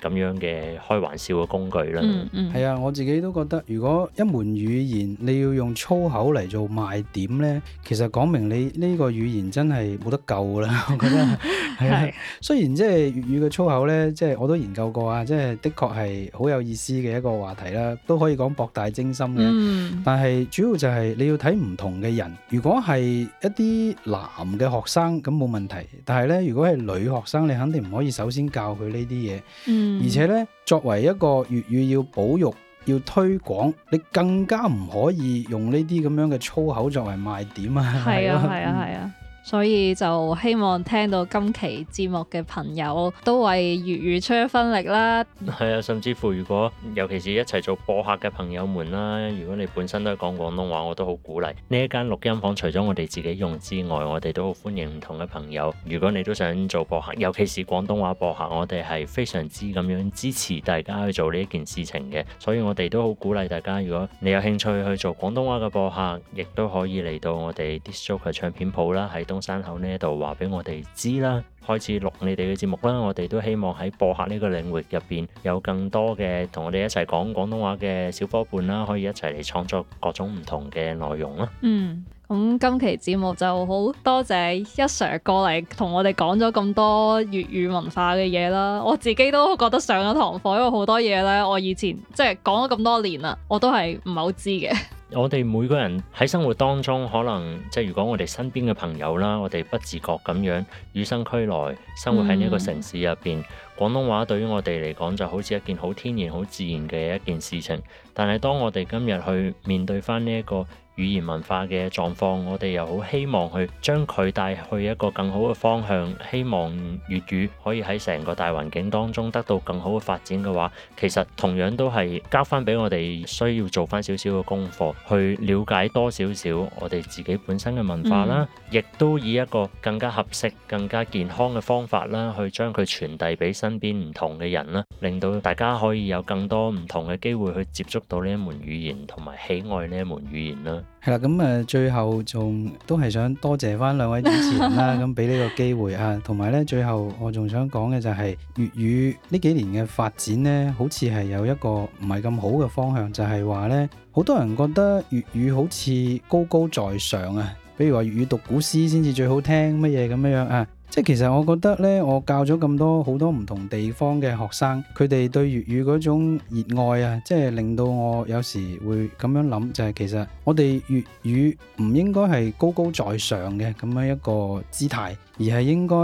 咁樣嘅開玩笑嘅工具啦。嗯，係啊，我自己都覺得，如果一門語言你要用粗口嚟做賣點咧，其實講明你呢個語言真係冇得救啦。我覺得係啊，雖然即係粵語嘅粗口咧，即係我都研究過啊，即係的確係好有意思嘅一個話題啦，都可以講博大精深嘅。嗯，但係主要就係你要睇唔同嘅人。如果係一啲男嘅學生，咁冇問題。但係咧，如果係女學生，你肯定唔可以首先教佢呢啲嘢。嗯。而且咧，作為一個粵語要保育、要推廣，你更加唔可以用呢啲咁樣嘅粗口作為賣點、嗯、啊！係啊，係啊，係啊。嗯。所以就希望聽到今期節目嘅朋友都為粵語出一分力啦。係啊，甚至乎如果，尤其是一齊做播客嘅朋友們啦，如果你本身都係講廣東話，我都好鼓勵。呢一間錄音房除咗我哋自己用之外，我哋都好歡迎唔同嘅朋友。如果你都想做播客，尤其是廣東話播客，我哋係非常之咁樣支持大家去做呢一件事情嘅。所以我哋都好鼓勵大家，如果你有興趣去做廣東話嘅播客，亦都可以嚟到我哋 DISC JOKER 嘅唱片鋪啦，喺東山口呢度話俾我哋知啦，開始錄你哋嘅節目啦，我哋都希望喺播客呢個領域入邊有更多嘅同我哋一齊講廣東話嘅小伙伴啦，可以一齊嚟創作各種唔同嘅內容啦。嗯。咁、嗯、今期節目就好多謝一 Sir 過嚟同我哋講咗咁多粵語文化嘅嘢啦，我自己都覺得上咗堂課，因為好多嘢咧，我以前即係講咗咁多年啦，我都係唔係好知嘅。我哋每個人喺生活當中，可能即係如果我哋身邊嘅朋友啦，我哋不自覺咁樣與生俱來生活喺呢個城市入邊，嗯、廣東話對於我哋嚟講就好似一件好天然、好自然嘅一件事情。但係當我哋今日去面對翻呢一個語言文化嘅狀況，我哋又好希望去將佢帶去一個更好嘅方向，希望粵語可以喺成個大環境當中得到更好嘅發展嘅話，其實同樣都係交翻俾我哋需要做翻少少嘅功課，去了解多少少我哋自己本身嘅文化啦，亦、嗯、都以一個更加合適、更加健康嘅方法啦，去將佢傳遞俾身邊唔同嘅人啦，令到大家可以有更多唔同嘅機會去接觸到呢一門語言同埋喜愛呢一門語言啦。係啦，咁啊，最後仲都係想多謝翻兩位主持人啦，咁俾 呢個機會啊，同埋咧，最後我仲想講嘅就係粵語呢幾年嘅發展咧，好似係有一個唔係咁好嘅方向，就係話咧，好多人覺得粵語好似高高在上啊，比如話粵語讀古詩先至最好聽乜嘢咁樣啊。即係其實我覺得咧，我教咗咁多好多唔同地方嘅學生，佢哋對粵語嗰種熱愛啊，即係令到我有時會咁樣諗，就係其實我哋粵語唔應該係高高在上嘅咁樣一個姿態，而係應該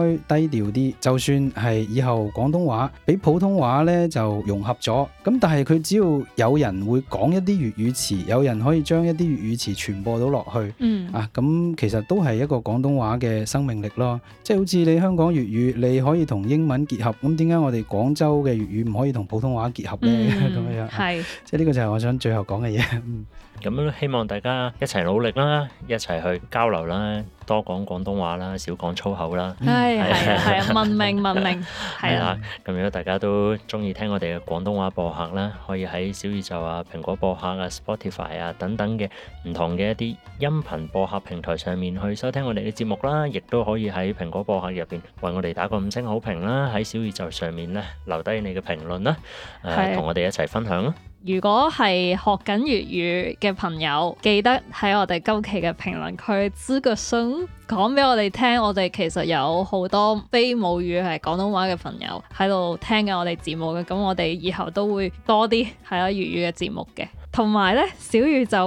低調啲。就算係以後廣東話比普通話咧就融合咗，咁但係佢只要有人會講一啲粵語詞，有人可以將一啲粵語詞傳播到落去，嗯啊，咁其實都係一個廣東話嘅生命力咯。即係好似。好似你香港粵語，你可以同英文結合，咁點解我哋廣州嘅粵語唔可以同普通話結合呢？咁、嗯、 樣，係是，即係呢個就係我想最後講嘅嘢。 咁希望大家一齊努力啦，一齊去交流啦，多講廣東話啦，少講粗口啦。係係啊，文明文明係啦。咁如果大家都中意聽我哋嘅廣東話播客啦，可以喺小宇宙啊、蘋果播客啊、Spotify 啊等等嘅唔同嘅一啲音頻播客平台上面去收聽我哋嘅節目啦，亦都可以喺蘋果播客入邊為我哋打個五星好評啦，喺小宇宙上面咧留低你嘅評論啦，同、呃、的我哋一齊分享啦。如果係學緊粵語嘅朋友，記得喺我哋今期嘅評論區吱個聲，講俾我哋聽。我哋其實有好多非母語係廣東話嘅朋友喺度聽緊我哋節目嘅，咁我哋以後都會多啲係啊粵語嘅節目嘅。同埋呢，小宇宙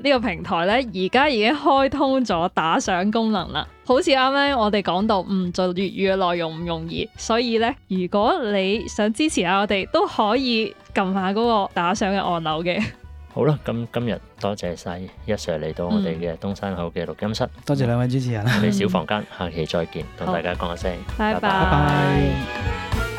就呢個平台呢，而家已經開通咗打賞功能啦。好似啱啱我哋講到，唔做粵語嘅內容唔容易，所以呢，如果你想支持下我哋，都可以。撳下嗰個打賞嘅按鈕嘅。好啦，咁今日多謝晒，一 Sir 嚟到我哋嘅東山口嘅錄音室。嗯、多謝兩位主持人啦，我哋小房間，下期再見，同大家講下聲，哦、拜拜。拜拜拜拜。